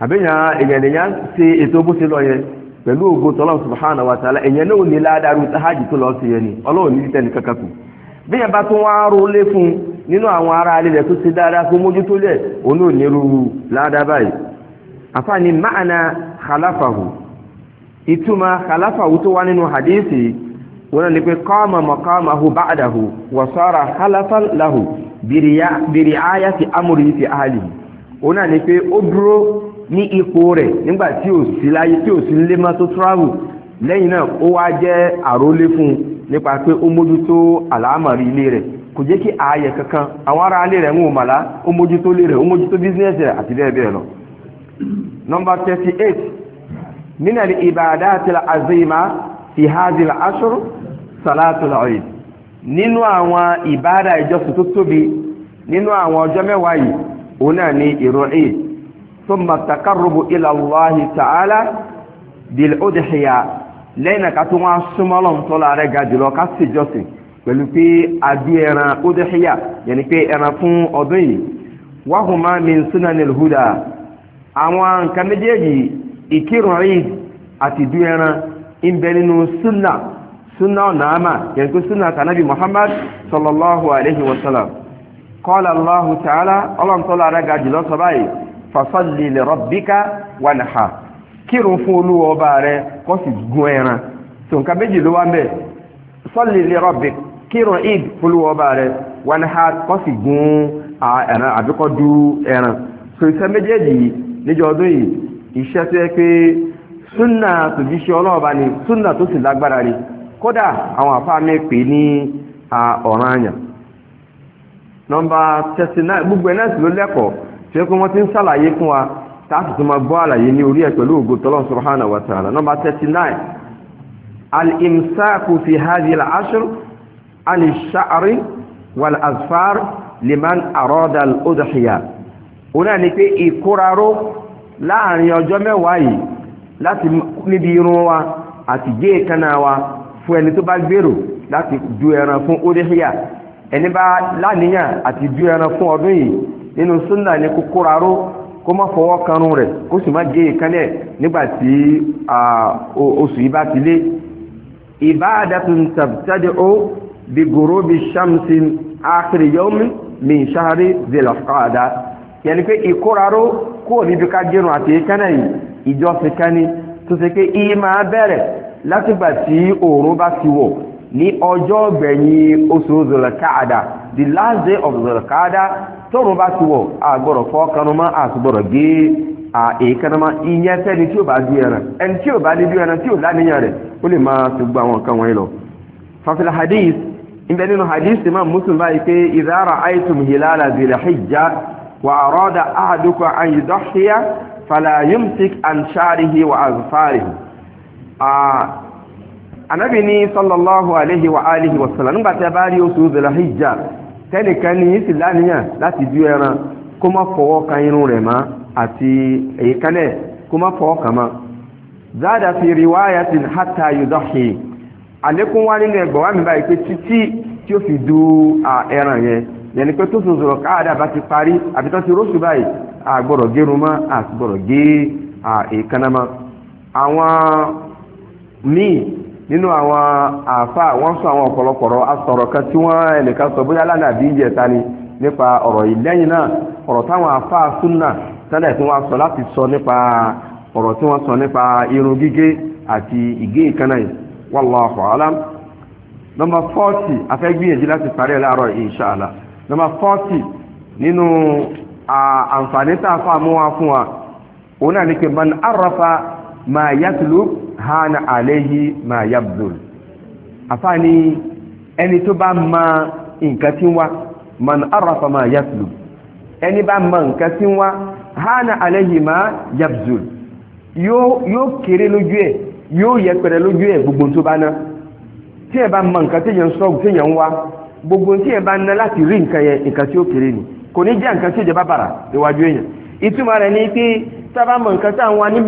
àbẹ̀yàn èèyàn lè yára ṣe ètò bó ṣe lọ yẹn pẹ̀lú ògo tọ́lọ̀ subhanahu wa ta'ala èèyàn náà ní ládàrú hajj tó lọ sí yẹn ni ọlọ́run ní tẹ́lẹ̀ kankan kù bẹ́ẹ̀ bá tún wá ró lé fún nínú àwọn ará alẹ́ tó ti dáadáa fún mójútó lẹ̀ onú onírúurú ládàá báyìí àfààní máàna khalafahu ìtumọ̀ khalafahu tó wá nínú hadithi wọ́n ní hu ba'dahu wa sara lahu biriayati fi ahlihi wọ́n ali ní pé ó dúró ní ipò rẹ̀ nígbà tí ò sí láyé tí ò sí travel lẹ́yìn náà ó wá jẹ́ àrólé fún nípa pé ó mójútó àlámọ̀rí ilé rẹ̀ kò jẹ́ kí ààyè kankan àwọn ará ilé ń wò màlá ó thirty eight من العبادات العظيمة في هذه العشر صلاة العيد nínú àwọn ìbádà ìjọsìn tó tóbi nínú àwọn ọjọ́ mẹ́wàá yìí òun náà ni ìrun Eid ثم التقرب إلى الله تعالى بالأضحية lẹ́yìn ká tó wá súnmọ́ Ọlọ́run tọ́lá rẹ̀ ga jùlọ ká sì jọsìn pẹ̀lú pé adú ẹran udhiya yẹni pé ẹran fún ọdún yìí wahuma min sunanil huda àwọn nǹkan méjèèjì ìkírun Eid àti ìdú ẹran ń bẹ nínú súnà súnà ọ̀nà àmà yẹnkú súnà tànàbí Muhammad sallallahu alayhi wa sallam qala Allahu ta'ala ọlọ́ntọ́lá arága jùlọ sọ báyìí fasalli li rabbika wanha kírun fún olúwa ọba rẹ kó sì gun ẹran tó nǹkan méjì ló wá ń bẹ salli li rabbik kírun Eid olúwa ọba rẹ wanha kó sì gun ẹran àbíkọ́ du ẹran so ìṣe méjèèjì níjọ ọdún yìí iṣẹ́ tó yẹ pé súnà tòjíṣẹ́ ọlọ́ọ̀bá ni súnà tó sì lágbára ni kódà àwọn àfáàmì pè ní ọ̀ràn àyàn nọmba 39 gbogbo ẹ̀nà sí lẹ́kọ̀ọ́ tí ó kí wọ́n ti ń sàlàyé fún wa táàtì tó máa gbọ́ àlàyé ní orí ẹ̀ pẹ̀lú ògo tọ́lọ́ subhanahu wa ta'ala nọmba 39 náà láàrin ọjọ́ mẹ́wàá yìí láti níbi irun wa àti gé èékánná wa fún ẹni tó bá gbèrò láti du ẹran fún oríhìyà ẹni bá láníyàn àti du ẹran fún ọdún yìí nínú súnà ní kókóraró kó má fọwọ́ kanrun rẹ̀ kó sì má gé èékánná nígbà tí oṣù yìí bá ti lé ìbáadatun tàbítàdé ó bí gòrò bí sàmsìn àkìrìyọ́mí min ṣáhárí zèlọ́fàdá yẹni pé ìkóraró kúrò níbi ká jírun àti ìkẹ́nẹ̀ yìí ìjọsìn kẹ́ni tó ṣe pé iye máa bẹ̀rẹ̀ látìgbà tí òòrùn bá ti wọ̀ ní ọjọ́ gbẹ̀yìn oṣù zolokada the last day of zolokada tóòrùn bá ti wọ̀ àgbọ̀rọ̀ fọ́kànnú mọ́ àtúbọ̀rọ̀ gé èékánná ìyẹn tẹ́ni tí ò bá di ẹran ẹni tí ò bá níbi ẹran tí ò láníyàn rẹ̀ ó lè máa ti gba àwọn nǹkan wọ̀nyí lọ. muslim báyìí pé idha ra'aytum hilala dhil hijja وأراد أحدكم أن يضحي فلا يمسك عن شعره وأظفاره Ànábì ní sallallahu alayhi wa alihi wa sallam nígbà tí a bá rí oṣù Dhul-Hijjah tẹ́nìkan ní ìsì láníyàn láti dú ẹran kó má fọwọ́ kan irun rẹ̀ mọ́ àti èyíkánẹ̀ kó má fọwọ́ kan mọ́ zada fi riwayatin hatta yudahi àlékún wá nínú ẹgbọ̀wá mi báyìí pé títí tí ó fi dú ẹran yẹn yẹni pé tó sòsòrò káàdà bá ti parí àbí tó ti róṣù báyìí àgbọ̀rọ̀ gérun mọ́ àgbọ̀rọ̀ gé èékánná mọ́ àwọn míì nínú àwọn àfa wọ́n sọ àwọn ọ̀pọ̀lọpọ̀rọ̀ asọ̀rọ̀ kan tí wọ́n ẹnìkan sọ bóyá lánàá bí ìjẹta ni nípa ọ̀rọ̀ yìí lẹ́yìn náà ọ̀rọ̀ táwọn àfa súnà tẹ́lẹ̀ tí wọ́n sọ láti sọ nípa ọ̀rọ̀ tí wọ́n sọ nípa irun gígé àti ìgé ìkánná yìí wallahu alam nọmba fọ́ọ̀tì afẹ́gbìyànjú láti parí ẹ̀ láàárọ̀ insha nọmba fọ́tì nínú àǹfààní tá a fọ́ àmúwá fún wa òun náà ní pé man arrafa ma yatlu hana alayhi ma yabdul àfààní ẹni tó bá ma nǹkan tí wá man arafa ma yatlu ẹni bá ma nǹkan tí wá hana alayhi ma yabdul yóò kéré lójú ẹ̀ yóò yẹpẹrẹ lójú ẹ̀ gbogbo tó bá ná tí ẹ bá ma nǹkan tí yẹn sọ tí yẹn wá gbogbo tí ẹ bá ń ná láti rí nǹkan yẹn nǹkan tí ó kéré ni kò ní jẹ́ nǹkan tí iwájú èèyàn ìtumọ̀ rẹ̀ ni pé nǹkan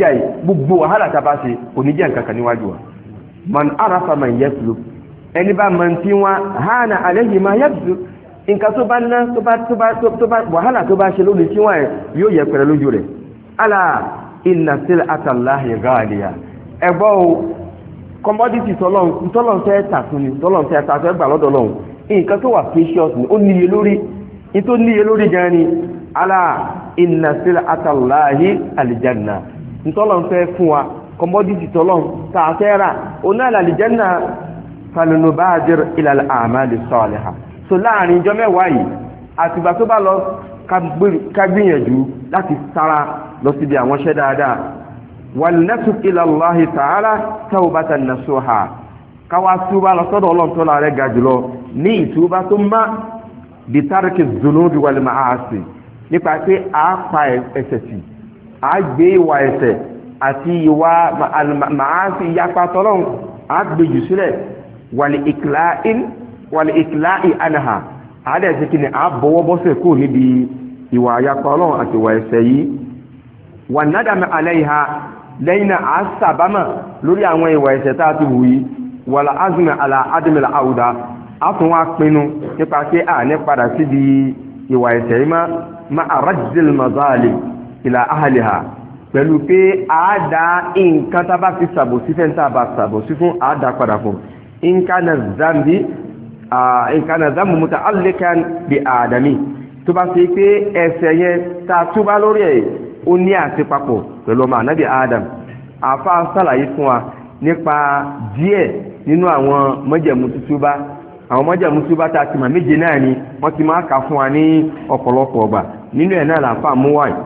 eh, gbogbo wàhálà tá a bá ṣe kò arafa man ẹni bá mọ̀ tí wọn hànà àlẹ́yìn máa nǹkan tó bá ná tó bá tó bá tó bá wàhálà tó bá ṣe lónìí tí wọn yóò yẹ lójú rẹ̀ commodity tọ́lọ́n tọ́lọ́n fẹ́ tà fún ni tọ́lọ́n fẹ́ tà fẹ́ gbà lọ́dọ̀ lọ́hùn nǹkan tó wà precious ni ó níye lórí ní tó níye lórí gan ni ala inna silatallahi aljanna ntọ́lọ́n fẹ́ fún wa commodity tọ́lọ́n tà fẹ́ rà oná aljanna falunubadir ilal amali ha so láàrin ijọ́ mẹ́wàá yìí àtìgbà tó bá lọ ká gbìyànjú láti sára lọ síbi àwọn iṣẹ́ dáadáa walinatub ila allahi ta'ala tawbatan nasuha káwa túbà lọ sọ́dọ̀ Ọlọ́run tó láàrẹ ga jùlọ ní ìtúbà tó má bi tarki dhunubi wal ma'asi nípa pé a pa ẹ̀ṣẹ̀ tì a gbé ìwà ẹ̀ṣẹ̀ àti ìwà ma'asi yapa tọlọ́run a gbé jù sílẹ̀ wàlì ìkìláìn wàlì ìkìláì anaha a dẹ̀ sí kí ni a bọ́wọ́ bọ́sẹ̀ kú níbi ìwà yapa Ọlọ́run àti ìwà ẹ̀ṣẹ̀ yìí wà nádàmì lẹ́yìn náà a sàbámà lórí àwọn ìwà ẹ̀ṣẹ̀ tá a ti wù yìí wàlà azmi àlà adìmìlà àwùdá a tún wá pinnu nípa pé a ní padà sí di ìwà ẹ̀ṣẹ̀ yìí má má àràjìdìl mazali ìlà ahàlìhà pẹ̀lú pé a dá nǹkan tá a bá fi sàbò sí fẹ́ntà bá sàbò sí fún a dá padà fún nǹkan zambi nǹkan na zambi mutaallikan bi àdàmì tó bá ṣe pé ẹ̀ṣẹ̀ yẹn ta túbá lórí ẹ̀ ó ní àṣepapọ̀ pẹ̀lú ọmọ ànábì Adam àfa sàlàyé fún wa nípa díẹ̀ nínú àwọn mọ́jẹ̀mú tuntun bá àwọn mọ́jẹ̀mú tuntun bá ta ti mà méje náà ni wọ́n ti máa kà fún wa ní ọ̀pọ̀lọpọ̀ ọgbà nínú ẹ̀ náà mú wáyé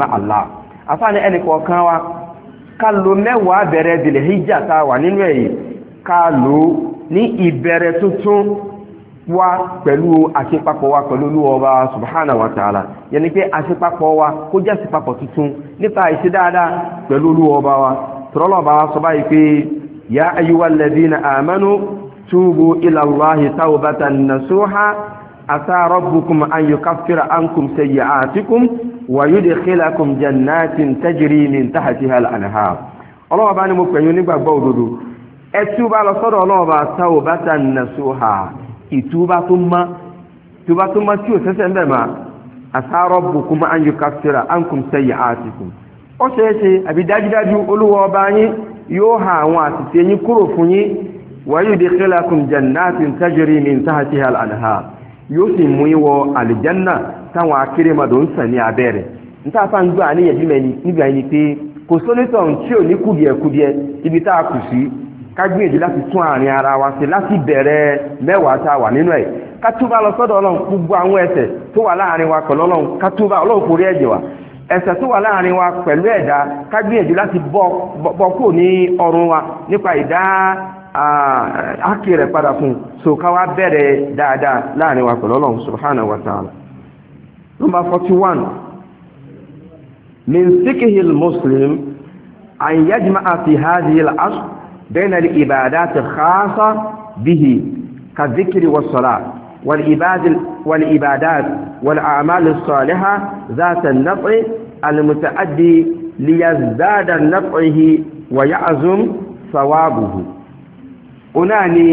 ma Allah afa ni ẹnì kọ̀ọ̀kan wa ká lo mẹ́wàá bẹ̀rẹ̀ dìlẹ̀ hijja tá a wà nínú ẹ̀yìn ká lo ní wa pẹ̀lú àṣepapọ̀ wa pẹ̀lú olúwa ọba subhanahu wa ta'ala yẹni pé àṣepapọ̀ wa kó jẹ́ àṣepapọ̀ tuntun nípa ìṣe dáadáa pẹ̀lú olúwa ọba wa tọ́lọ́ ọba wa sọ báyìí pé ya ayyuhal ladhina amanu tubu ila Allahi tawbatan nasuha asa rabbukum an yukaffira ankum sayyi'atikum wa yudkhilakum jannatin tajri min tahtiha al-anhar ọlọ́wọ́ bá mo pẹ̀yìn onígbàgbọ́ òdodo ẹ tí ìtúbá tó mọ́ ìtúbá tó mọ́ tí ò sẹ́sẹ̀ ń bẹ̀ mà àsárọ̀ bùkún máa ń yọ kásìrà á ń kùn sẹ́yìn àtìkù ó ṣeé ṣe àbí dájúdájú olúwa ọba yín yóò ha àwọn àṣìṣe yín kúrò fún yín wáyé ìdíkẹ́lá kùn jannatin tajiri min tahati hal anha yóò sì mú yín wọ àlìjánná táwọn akérèmọdò ń sàn ní abẹ́rẹ́ níta fáwọn gbọ́ àníyànjú mẹ́ni nígbà yín pé kò sónítọ̀ tí ò ní kùdìẹ̀kùdìẹ̀ ibi tá a kù sí kágbìyànjú láti tún àárín ara wa ṣe láti bẹ̀rẹ̀ mẹ́wàá tá a wà nínú ẹ̀ kátúbà lọ sọ́dọ̀ ọlọ́run gbogbo àwọn ẹsẹ̀ tó wà láàrin wa pẹ̀lú ọlọ́run kátúbà ọlọ́run kò ẹ̀jẹ̀ wa ẹ̀ṣẹ̀ tó wà láàárín wa pẹ̀lú ẹ̀dá kágbìyànjú láti bọ́ kò ní ọrùn wa nípa ìdá ákì rẹ̀ padà fún so ká wá bẹ̀rẹ̀ dáadáa láàárín wa pẹ̀lú ọlọ́run subhanahu wa ta'ala number forty one min sikihil muslim an yajma'a fi hadhihi بين الإبادات الخاصة به كالذكر والصلاة والإباد والإبادات والأعمال الصالحة ذات النفع المتأدي ليزداد نفعه ويعظم ثوابه ọ̀nà ni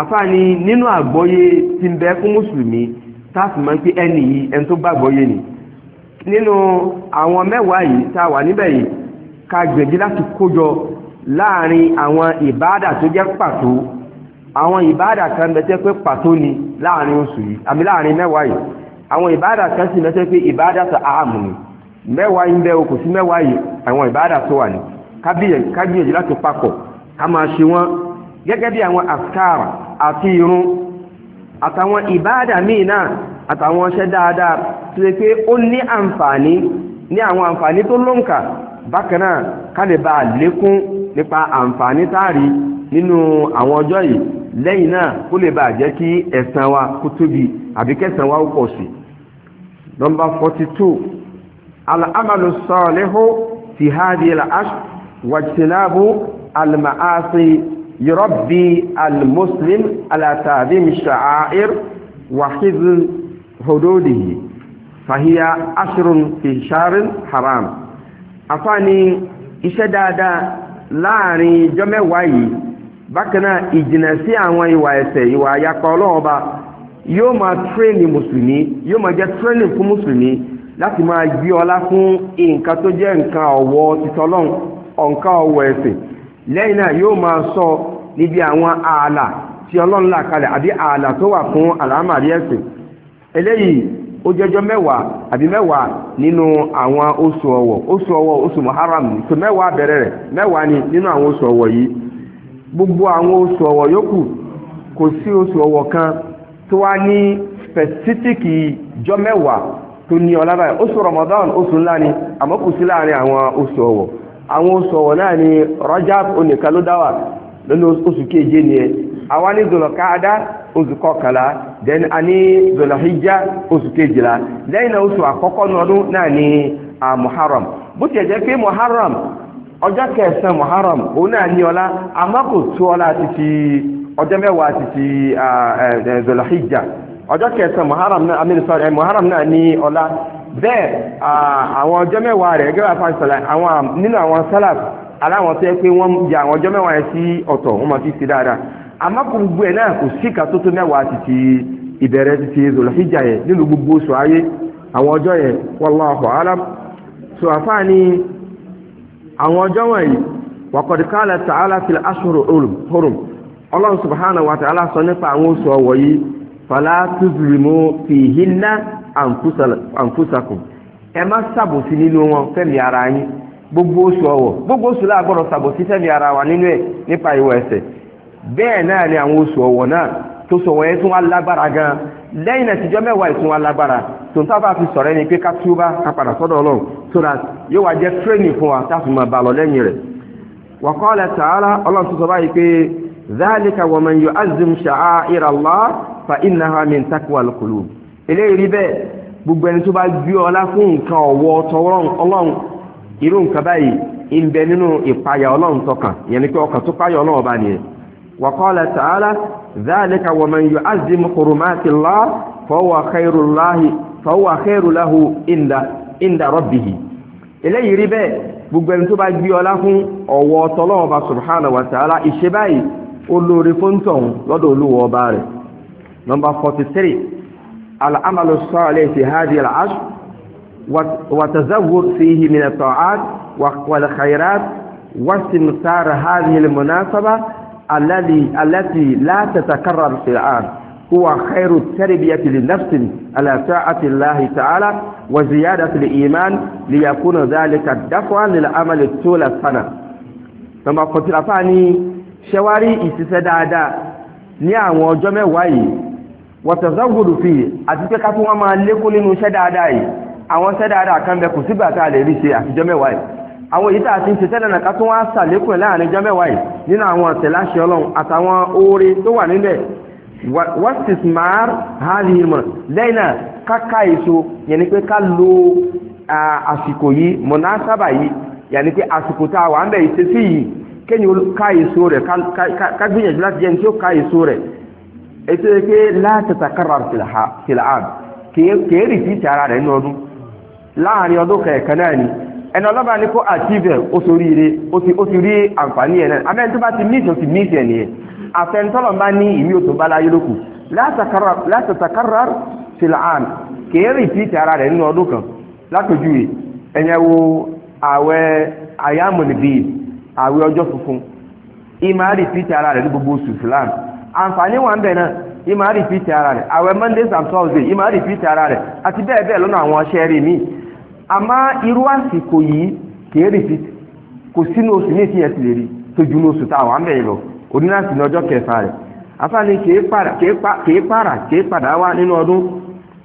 afáàní nínú àgbọ́yé tí ń bẹ fún mùsùlùmí táàfìmọ́ pé ẹni yìí ẹni tó gbàgbọ́yé ni nínú àwọn mẹ́wàá yìí tá a wà níbẹ̀ yìí ká gbìyànjú láti kójọ láàrin àwọn ìbáàdà tó jẹ́ pàtó àwọn ìbáàdà kan bẹ̀tẹ́ pé pàtó ni láàrin oṣù yìí àmì láàrin mẹ́wàá yìí àwọn ìbáàdà kan sì bẹ̀tẹ́ pé ìbáàdà tó ààmù ni mẹ́wàá yìí bẹ́ okùn sí mẹ́wàá yìí àwọn ìbáàdà tó wà ní kábíyèjì láti papọ̀ ká máa ṣe wọ́n gẹ́gẹ́ bí àwọn àkàrà àti irun àtàwọn ìbáàdà míì náà àtàwọn ọṣẹ́ dáadáa tó yẹ pé ó ní àǹfààní ní àwọn àǹfààní tó lóǹkà bákanáà ká lè bá lékún nípa àǹfààní táàrí nínú àwọn ọjọ́ yìí lẹ́yìn náà kó lè bá jẹ́ kí ẹ̀san wa kó tóbi àbí kẹsàn wa ó pọ̀ sí nọmba 42 al'amalu salihu fi hadhihi al'ashr wajtinabu al-ma'asi yurabbi al-muslim ala ta'zim sha'air wa hifz hududihi fahiya ashrun fi shahrin haram afá ni iṣẹ́ dáadáa láàrin ijọ́ mẹ́wàá yìí bákan náà ìjìnà sí àwọn ìwà ẹ̀ṣẹ̀ ìwà àyapa ọlọ́run ọba yóò máa tírẹ́nì mùsùlùmí yóò máa jẹ́ tírẹ́nì fún mùsùlùmí láti máa gbé ọlá fún nǹkan tó jẹ́ nǹkan ọ̀wọ́ títọ́lọ́run ọ̀nkan ọ̀wọ́ ẹ̀sìn lẹ́yìn náà yóò máa sọ níbi àwọn ààlà tí ọlọ́run là kalẹ̀ àbí ààlà tó wà fún àlámàrí ẹ̀sìn eléyìí Ojojo mewa, abi àbí ninu nínú àwọn owo, osu owo osu muharram so mẹ́wàá bẹ̀rẹ̀ ni ninu àwọn osu owo yi. gbogbo àwọn osu owo yòókù kò sí oṣù kan tó ní spẹsítíkì jọ mẹ́wàá tó ní ọlá yi. ramadan osu ńlá ni àmọ́ kò sí láàrin àwọn osu ọ̀wọ̀ àwọn osu ni rajab onìkan ló osu keje ni oṣù kọkànlá then a ní zolahijja oṣù kejìlá lẹ́yìn náà oṣù àkọ́kọ́ nọdún náà ní muharram bó tiẹ̀ jẹ́ pé muharram ọjọ́ kẹsàn muharram òun náà ní ọlá àmọ́ kò tó ọlá títí ọjọ́ mẹ́wàá títí zolahijja ọjọ́ kẹsàn muharram náà amínú sọ́ọ̀rẹ́ muharram náà ní ọlá bẹ́ẹ̀ àwọn ọjọ́ mẹ́wàá rẹ̀ gẹ́gẹ́ bá fà sọ̀rọ̀ nínú àwọn sálàf aláwọn ya àwọn yẹn sí máa àmọ́ kò gbogbo ẹ̀ náà kò sí ìka tó tó mẹ́wàá títí ìbẹ̀rẹ̀ títí yẹn nínú gbogbo oṣù ayé àwọn ọjọ́ yẹn wallahu alam so àfáàní àwọn ọjọ́ wọ̀nyí waqad qala ta'ala fil ashhuril hurum Allah subhanahu wa nípa àwọn oṣù ọ̀wọ̀ yìí fala ẹ má nínú wọn fẹ́mi ara yín gbogbo oṣù ọ̀wọ̀ gbogbo oṣù fẹ́mi ara wa nínú ẹ̀ nípa ìwọ̀ bẹ́ẹ̀ náà ni àwọn oṣù ọ̀wọ̀ náà tó sọ wọ́n yẹn tún wá lágbára gan lẹ́yìn àtijọ́ mẹ́wàá ìtún wá lágbára tó ń fi sọ̀rọ̀ ẹni pé ká tí ó bá ká padà sọ́dọ̀ ọlọ́run so that yóò wá jẹ́ training fún wa táàfin máa bá lọ lẹ́yìn rẹ̀ wa qala ta'ala ọlọ́run tó sọ báyìí pé dhalika wa man yu'azzim sha'a'ira Allah fa innaha min taqwal qulub eléyìí rí bẹ́ẹ̀ gbogbo ẹni tó bá gbé ọlá fún nǹkan ọ̀wọ́ tọwọ́rọ̀n ọlọ́run irú nǹkan báyìí ń nínú ìpayà ọlọ́run tọkàn yẹn ni pé ọkàn tó páyà ọlọ́run ọba nìyẹn وقال تعالى ذلك ومن يعظم حرمات الله فهو خير الله فهو خير له عند عند ربه eléyìí rí bẹ́ẹ̀ gbogbo ẹni tó bá gbé ọlá fún ọ̀wọ̀ ọ̀tọ́lọ́wọ́ bá subhanahu wa ta'ala báyìí olóore fóńtọ̀hún lọ́dọ̀ olówó ọba rẹ̀ nọmba 43 al'amalu salih fi hadi al'ash wa tazawwur fihi min at-ta'at wa al-khairat wa istimsar al-munasaba الذي التي لا تتكرر في الآن هو خير التربية للنفس على ساعة الله تعالى وزيادة الإيمان ليكون ذلك دفعا للعمل طول السنة نما قلت لفاني شواري إستسدادا ní àwọn ọjọ́ mẹ́wàá yìí wọ̀tọ̀sọ́gbòdò fi àti pé ká tún wọ́n máa lékún nínú iṣẹ́ dáadáa yìí àwọn iṣẹ́ dáadáa kan bẹ kò sígbà tá a lè rí ṣe àtijọ́ mẹ́wàá yìí àwọn èyí tàà ti ń ṣe tẹ́lẹ̀ nàká tó wá sàlékùn láàrin jọ́mẹ́wàá yìí nínú àwọn ọ̀tẹ̀ láṣẹ ọlọ́run àtàwọn oore tó wà níbẹ̀ wastismar hali mọ̀ lẹ́yìn náà káká èso yẹni pé ká lo àsìkò yìí mọ̀násábà yìí yẹni pé àsìkò tá a wà ń bẹ̀ ìṣesí yìí kéyìn ká èso rẹ̀ ká gbìyànjú láti jẹun tí ó ká èso rẹ̀ èso yẹ pé látàtà kára fìlà ààbò kèé rìsíìtì ara rẹ̀ nínú ọdún láàrin ni ẹni ọlọ́ba ní kó achieve ó sórí ire ó ti rí àǹfààní ẹ̀ náà amẹ́ni tó bá ti miss ó ti miss ẹ̀ nìyẹn àfẹnutọ́lọ̀ bá ní ìmí òtò bá láyé lókù látàkàrà filan kèérì tí ti ara rẹ̀ nínú ọdún kan látòjúwe ẹ̀yẹ wo àwẹ̀ àyàmùnìbí àwẹ̀ ọjọ́ funfun ìmáàrì tí ti ara rẹ̀ ní gbogbo oṣù filan àǹfààní wà ń bẹ̀ náà ìmáàrì tí ti ara rẹ̀ àwẹ̀ mondays and thursdays ìmáàrì tí ti ara rẹ̀ àti bẹ́ẹ̀ bẹ́ẹ̀ lọ́nà àwọn aṣẹ́rì míì àmá irú àsìkò yìí kìí repeat kò sínú oṣù ní ìsìn ẹ̀sìn lè rí tó ju oṣù tá àwọn àmì lọ oníláàsì ní ọjọ́ kẹsàn-án rẹ̀ afáàní kìí para kìí padà wá nínú ọdún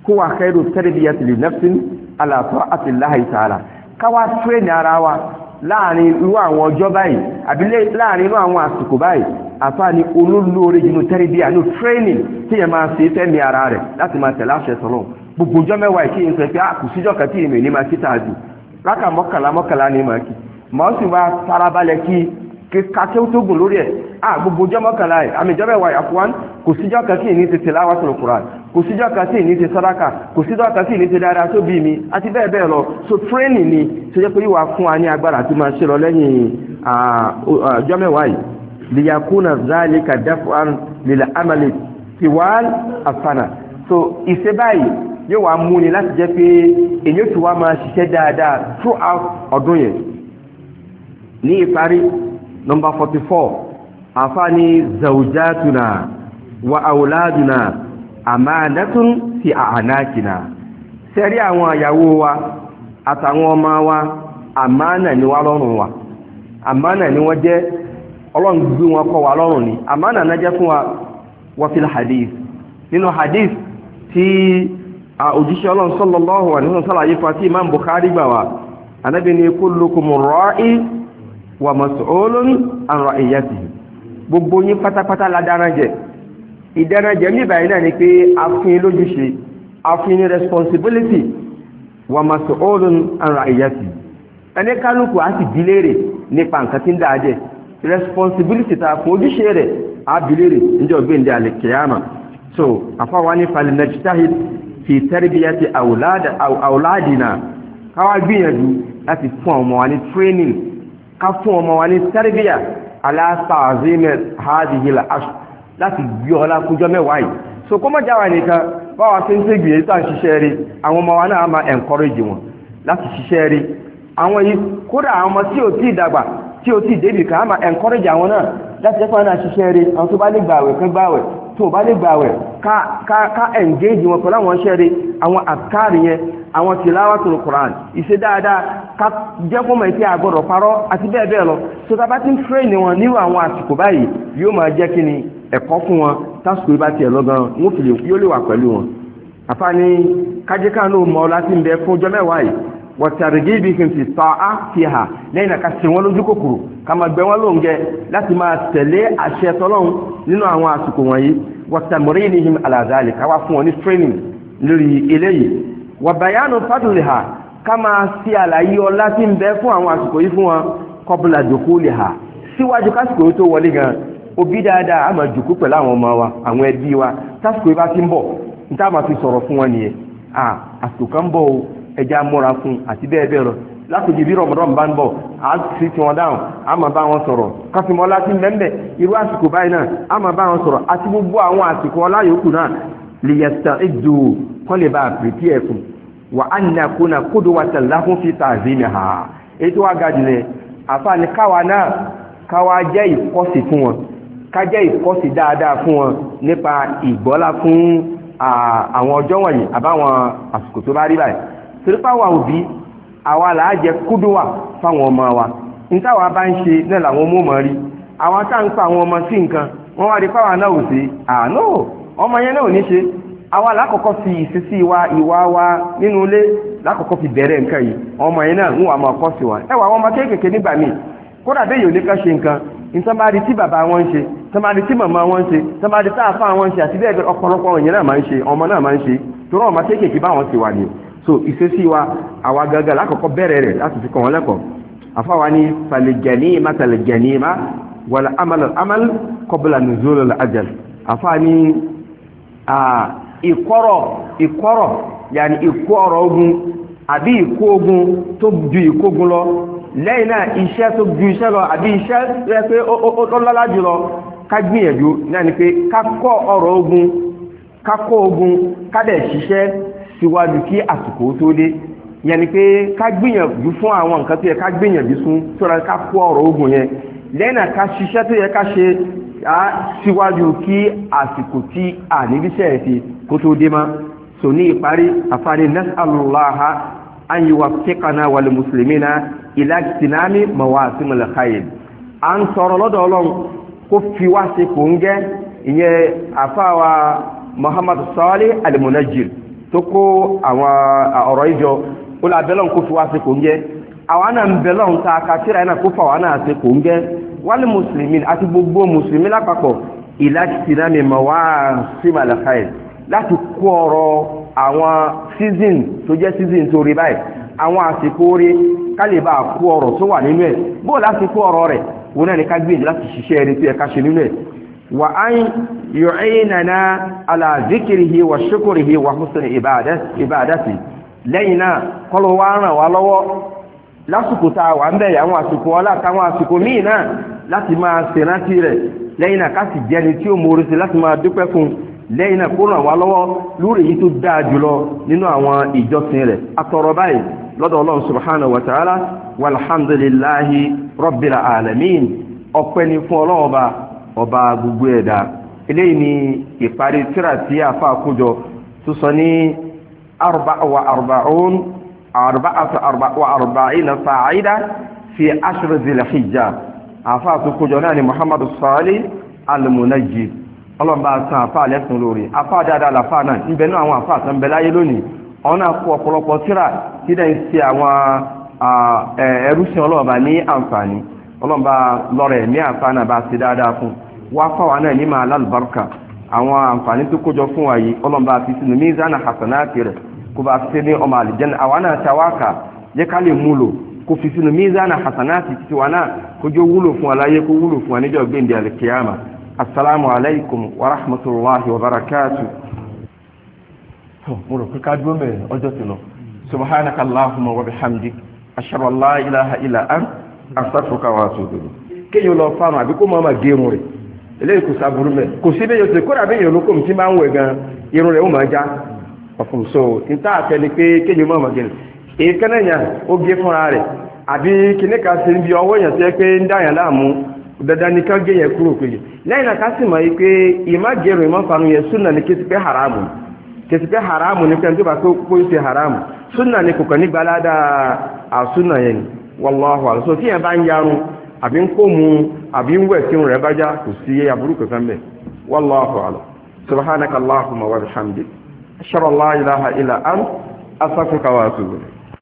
kó wà kẹ́rù tẹ́rẹ̀bíyàtì lè nafsin ala ta'ati Allahi ta'ala káwá tírẹ̀nì ara wa láàrin irú àwọn ọjọ́ báyìí àbí láàrin irú àwọn àsìkò báyìí àfáàní olólóore jùlọ tẹ́rẹ̀bíyà ní tírẹ̀nì tí yẹn máa ṣe fẹ́mi ara rẹ̀ láti máa tẹ̀lé àṣẹ sọ́lọ́ọ̀ gbogbo ọjọ́ mẹ́wàá ìkíyè sọ pé ah, kò síjọ́ kan tí èmi ní máa kí tààjù rákà mọ́kànlá mọ́kànlá ní máa kí màá sì máa farabalẹ̀ kí kakẹ́ tó gùn lórí ẹ̀ à ah, gbogbo ọjọ́ mọ́kànlá ẹ̀ àmì ìjọba ìwà ìyàfọ́wán kò síjọ́ kan tí èmi ti tẹ̀lé àwọn sọ̀rọ̀ kùrà kò síjọ́ kan tí èmi ti sàdákà kò síjọ́ kan tí èmi ti dáadáa tó bí mi àti bẹ́ẹ̀ bẹ́ẹ̀ lọ so training ni tó jẹ́ pé yóò wá fún wa ní agbára tó máa ṣe lọ lẹ́yìn ọjọ́ mẹ́wàá yìí liyakuna zalika daf'an lil amali tiwal asana so ìṣe báyìí yóò wá mú ni láti jẹ́ pé èyí ó ti wá máa ṣiṣẹ́ dáadáa throughout ọdún yẹn ní ìparí nọmba forty four àǹfààní zawjatuna wa awladuna amanatun fi àhánákìnà sẹ́rí àwọn àyàwó wa àtàwọn ọmọ wa àmánà ni wá lọ́rùn wa àmánà ni wọ́n jẹ́ ọlọ́run gbé wọn kọ́ wa lọ́rùn ni àmánà náà jẹ́ fún wa wọ́n fi hadith nínú hadith tí A òjíṣẹ́ ọlọ́run sallallahu alaihi wa sallam sálàyé fa tí imam bukhari gbà wá anábì ní kullukum ra'i wa mas'ulun an ra'iyatihi gbogbo yín pátápátá la dáranjẹ jẹ, ní ìbàyí náà ni pé afin lójúṣe afin ní responsibility wa mas'ulun an ra'iyatihi ẹni kálukú á sì dílére nípa nǹkan tí ń dáa jẹ responsibility ta fún ojúṣe a gbé kìyàmà so ní fi tarbiyati aulada auladina ká wá gbìyànjú láti fún ọmọ wa ní training ká fún ọmọ wa ní tarbiya aláṣàzímẹ̀ hádìhìlà aṣù láti gbí ọlá kújọ mẹ́wàá so kó mọ́já wà nìkan bá wa tí ń tí gbìyànjú tàn ṣiṣẹ́ rí àwọn náà encourage wọn láti ṣiṣẹ́ rí àwọn yìí kódà àwọn ọmọ tí ò encourage àwọn náà láti jẹ́ fún àwọn ṣiṣẹ́ rí àwọn bá lè gbàwẹ̀ kan gbàwẹ̀ tó bá lè gbààwẹ̀ ká engage wọn pẹ̀lú àwọn ṣẹ́rẹ́ àwọn àkáàrí yẹn àwọn tìláwà tó Qur'an ìṣe dáadáa ká jẹ́kùnmọ̀ ìpé àgbọ̀rọ̀ parọ́ àti bẹ́ẹ̀ bẹ́ẹ̀ lọ tó tá bá ti ń train wọn nírú àwọn àsìkò báyìí yóò máa jẹ́ kí ni ẹ̀kọ́ fún wọn tásìkò ìbá tiẹ̀ lọ́gán wọn yóò lè wà pẹ̀lú wọn àfáàní kájíkà náà mọ́ ọlá tí ń bẹ fún ọjọ́ mẹ́wàá yìí wọ̀tàrígìbìkìn fi sọ á fi hà lẹ́yìn àká ṣe wọ́n lójú kòkòrò ká máa gbẹ wọ́n lóúnjẹ láti máa tẹ̀lé àṣẹ tọ́lọ́run nínú àwọn àsìkò wọ̀nyí wọ̀tàmùrí ni him alazali ká wá fún wọn ní training lórí eléyìí wọ̀bàyánu fadùlì hà ká máa ṣe àlàyé ọlá tí ń bẹ fún àwọn àsìkò yìí fún wọn kọbùlà jòkó lè hà síwájú kásìkò yìí tó wọlé gan òbí dáadáa á máa ẹja múra fún àti bẹ́ẹ̀ bẹ́ẹ̀ lọ lákòjì bí rọmọdọ́n bá ń bọ̀ á sì tí wọn dáhùn á máa bá wọn sọ̀rọ̀ kásìmọ́lá ti ń bẹ́ńbẹ́ irú àsìkò báyìí náà á máa bá wọn sọ̀rọ̀ àti gbogbo àwọn àsìkò ọlá náà lè yẹsẹ̀ ìdò kọ́ lè bá àpètí ẹ̀kùn wà á nà kó na kódò wa tẹ̀lá fún fita àzínì ha èyí tó wá ga jù lẹ̀ àfààní káwa náà káwa jẹ́ ìkọ́sí fún wọn ká jẹ́ ìkọ́sí dáadáa fún wọn nípa ìgbọ́lá fún àwọn ọjọ́ wọ̀nyí àbáwọn àsìkò tó bá rí báyìí tìrípàwà òbí àwa là a jẹ kúdùwà fáwọn ọmọ wa ní táwa bá ń ṣe náà làwọn ọmọ mọ̀ rí àwa tá ń pa àwọn ọmọ sí nǹkan wọn wá di pàwà náà ò sí àánú ọmọ yẹn náà ò ní ṣe àwa fi wa ìwà wa nínú ilé lákọ̀ọ́kọ́ fi bẹ̀rẹ̀ nǹkan yìí ọmọ yẹn náà ń wà máa kọ́ sí wa ẹ wà ọmọ kéékèèké nígbà míì kódà ní ká ṣe nǹkan tí bàbá wọn ń ṣe tí màmá wọn ń ṣe tí wọn ń ṣe àti bẹ́ẹ̀ ọmọ náà máa ń ṣe ọmọ kéékèèké báwọn so ìṣesí wa àwa gaga lákọ̀ọ́kọ́ bẹ̀rẹ̀ rẹ̀ láti fi kàn wọ́n lẹ́kọ̀ọ́ àfáwa ní falẹ̀gẹ̀ní ma tàlẹ̀gẹ̀ní ma wàlẹ̀ amal amal kọ́bùlà nìzúlù àjẹl àfáwa ní ìkọ́rọ̀ ìkọ́rọ̀ yàní ìkó ọ̀rọ̀ ogun àbí ìkó ogun tó ju ìkó ogun lọ lẹ́yìn náà iṣẹ́ tó ju iṣẹ́ lọ àbí iṣẹ́ rẹ pé ó lọ́lá jùlọ ká gbìyànjú náà ni pé ká kọ́ ọ̀rọ̀ ogun ká kọ́ ogun ká dẹ̀ ṣiṣẹ́ síwájú kí àsìkò tó dé yẹn ni pé ká gbìyànjú fún àwọn nǹkan tó yẹ ká gbìyànjú fún tóra ká kó ọ̀rọ̀ ogun yẹn lẹ́yìn náà ká ṣiṣẹ́ tó yẹ ká ṣe á síwájú kí àsìkò tí àníbíṣẹ́ ẹ̀ ti kó tó dé mọ́ so ní ìparí àfààní nasalaha an yuwaffiqana wal muslimina ila ijtinami mawasimil khayr à ń sọ̀rọ̀ lọ́dọ̀ ọlọ́run kó fi wá ṣe kò ń gẹ́ ìyẹn àfáà wa Muhammadu Salih al tó kó àwọn ọ̀rọ̀ ìjọ ó la bẹ́lọ̀ kó fi wá sí kò ń jẹ́ àwọn náà ń bẹ̀lọ̀ ń ta kàtíra iná kó fà wà náà sí kò ń jẹ́ wálé mùsùlùmí àti gbogbo mùsùlùmí lápapọ̀ ìlàjì ti náà mímọ̀ wá sí malakai láti kó ọ̀rọ̀ àwọn season tó jẹ́ season tó rí báyìí àwọn àsìkò rí kálíbà kó ọ̀rọ̀ tó wà nínú ẹ̀ bóò láti ọ̀rọ̀ rẹ̀ wọn náà ní ká gbìyànjú láti ṣiṣẹ́ ẹni tó yẹ ká ṣe nínú ẹ̀ wa an yu'inana ala zikrihi wa shukrihi wa husni ibadati ibadati lẹ́yìn náà kọ́lọ̀ wá ràn wá lọ́wọ́ lásìkò tá a wà ń bẹ̀rẹ̀ àwọn àsìkò ọlá àtàwọn àsìkò míì náà láti máa ṣèrántí rẹ̀ lẹ́yìn náà káàsì jẹni tí ó mórí sí láti máa dúpẹ́ fún lẹ́yìn náà kó ràn wá lọ́wọ́ lórí èyí tó dáa jùlọ nínú àwọn ìjọsìn rẹ̀ atọ̀rọ̀ báyìí lọ́dọ̀ ọlọ́run subhanahu wa ta'ala walhamdulillahi rabbil alamin ọpẹ́ ni fún ọlọ́run ọba ọba gbogbo ẹ̀dá eléyìí ni ìparí tíra tí àfa àkójọ tó sọ ní arba wa arbaun arba'atu arba wa arba'ina sa'ida fi ashri dhil hijja àfa àtúkójọ náà ni muhammadu salih al ọlọ́mba san àfa àlẹ́sùn lórí àfa dáadáa làfa náà níbẹ̀ náà àwọn àfa àtàǹbẹ̀ láyé lónìí àwọn náà kó ọ̀pọ̀lọpọ̀ tíra tí dẹ̀ ń ṣe àwọn ẹrúsìn ọlọ́ọ̀bà ní àǹfààní ọlọ́mba lọ́rẹ̀ ní àǹfààní àbá ṣe dáadáa fún un wá fáwọn náà ní màá lálùbáríkà àwọn àǹfààní tó kójọ fún wa yìí ọlọ́mọba àti sínú mizana hasanati rẹ̀ kó bá fi ní ọmọ àlìjẹ́nà àwọn náà ta wá kà jẹ́ ká lè múlò kó fi sínú mizana hasanati tiwa náà kójó wúlò fún aláyé kó wúlò fún aníjọ́ gbèǹdé alikiyama asalaamu alaykum wa rahmatulahi wa barakatuh. mo rò pé ká dúró mẹ́rin ọjọ́ ti lọ subhanaka allahumma wa bihamdik ashhadu an la ilaha illa anta astaghfiruka wa atubu ilayk kéèyàn lọ fáwọn àbí kó máa ma gé rẹ̀ eléyìí kò sábúrú mẹ́ kò sí bẹ́ẹ̀ yóò ṣe kódà bẹ́ẹ̀ yóò ló kóòmù tí máa ń wẹ̀ gan irun rẹ̀ ó máa já ọ̀fun so níta àtẹ ni pé kéèyàn máa mọ̀ gẹ̀lẹ̀ èékánná yẹn ó gé fúnra rẹ̀ àbí kíní kan ṣe bí ọwọ́ yẹn ṣe pé ń dá yẹn láàmú dandan ni ká gé yẹn kúrò lẹ́yìn náà ká sì mọ̀ pé yẹn súnà ni haramu haramu ni ní àbí ń kó mu àbí ń wẹ̀ tí ń rẹ̀ bá já kò sí aburú kankan mẹ́ wallahu a'lam subhanaka allahumma wa bihamdik ashhadu an ilaha illa ant astaghfiruka wa atubu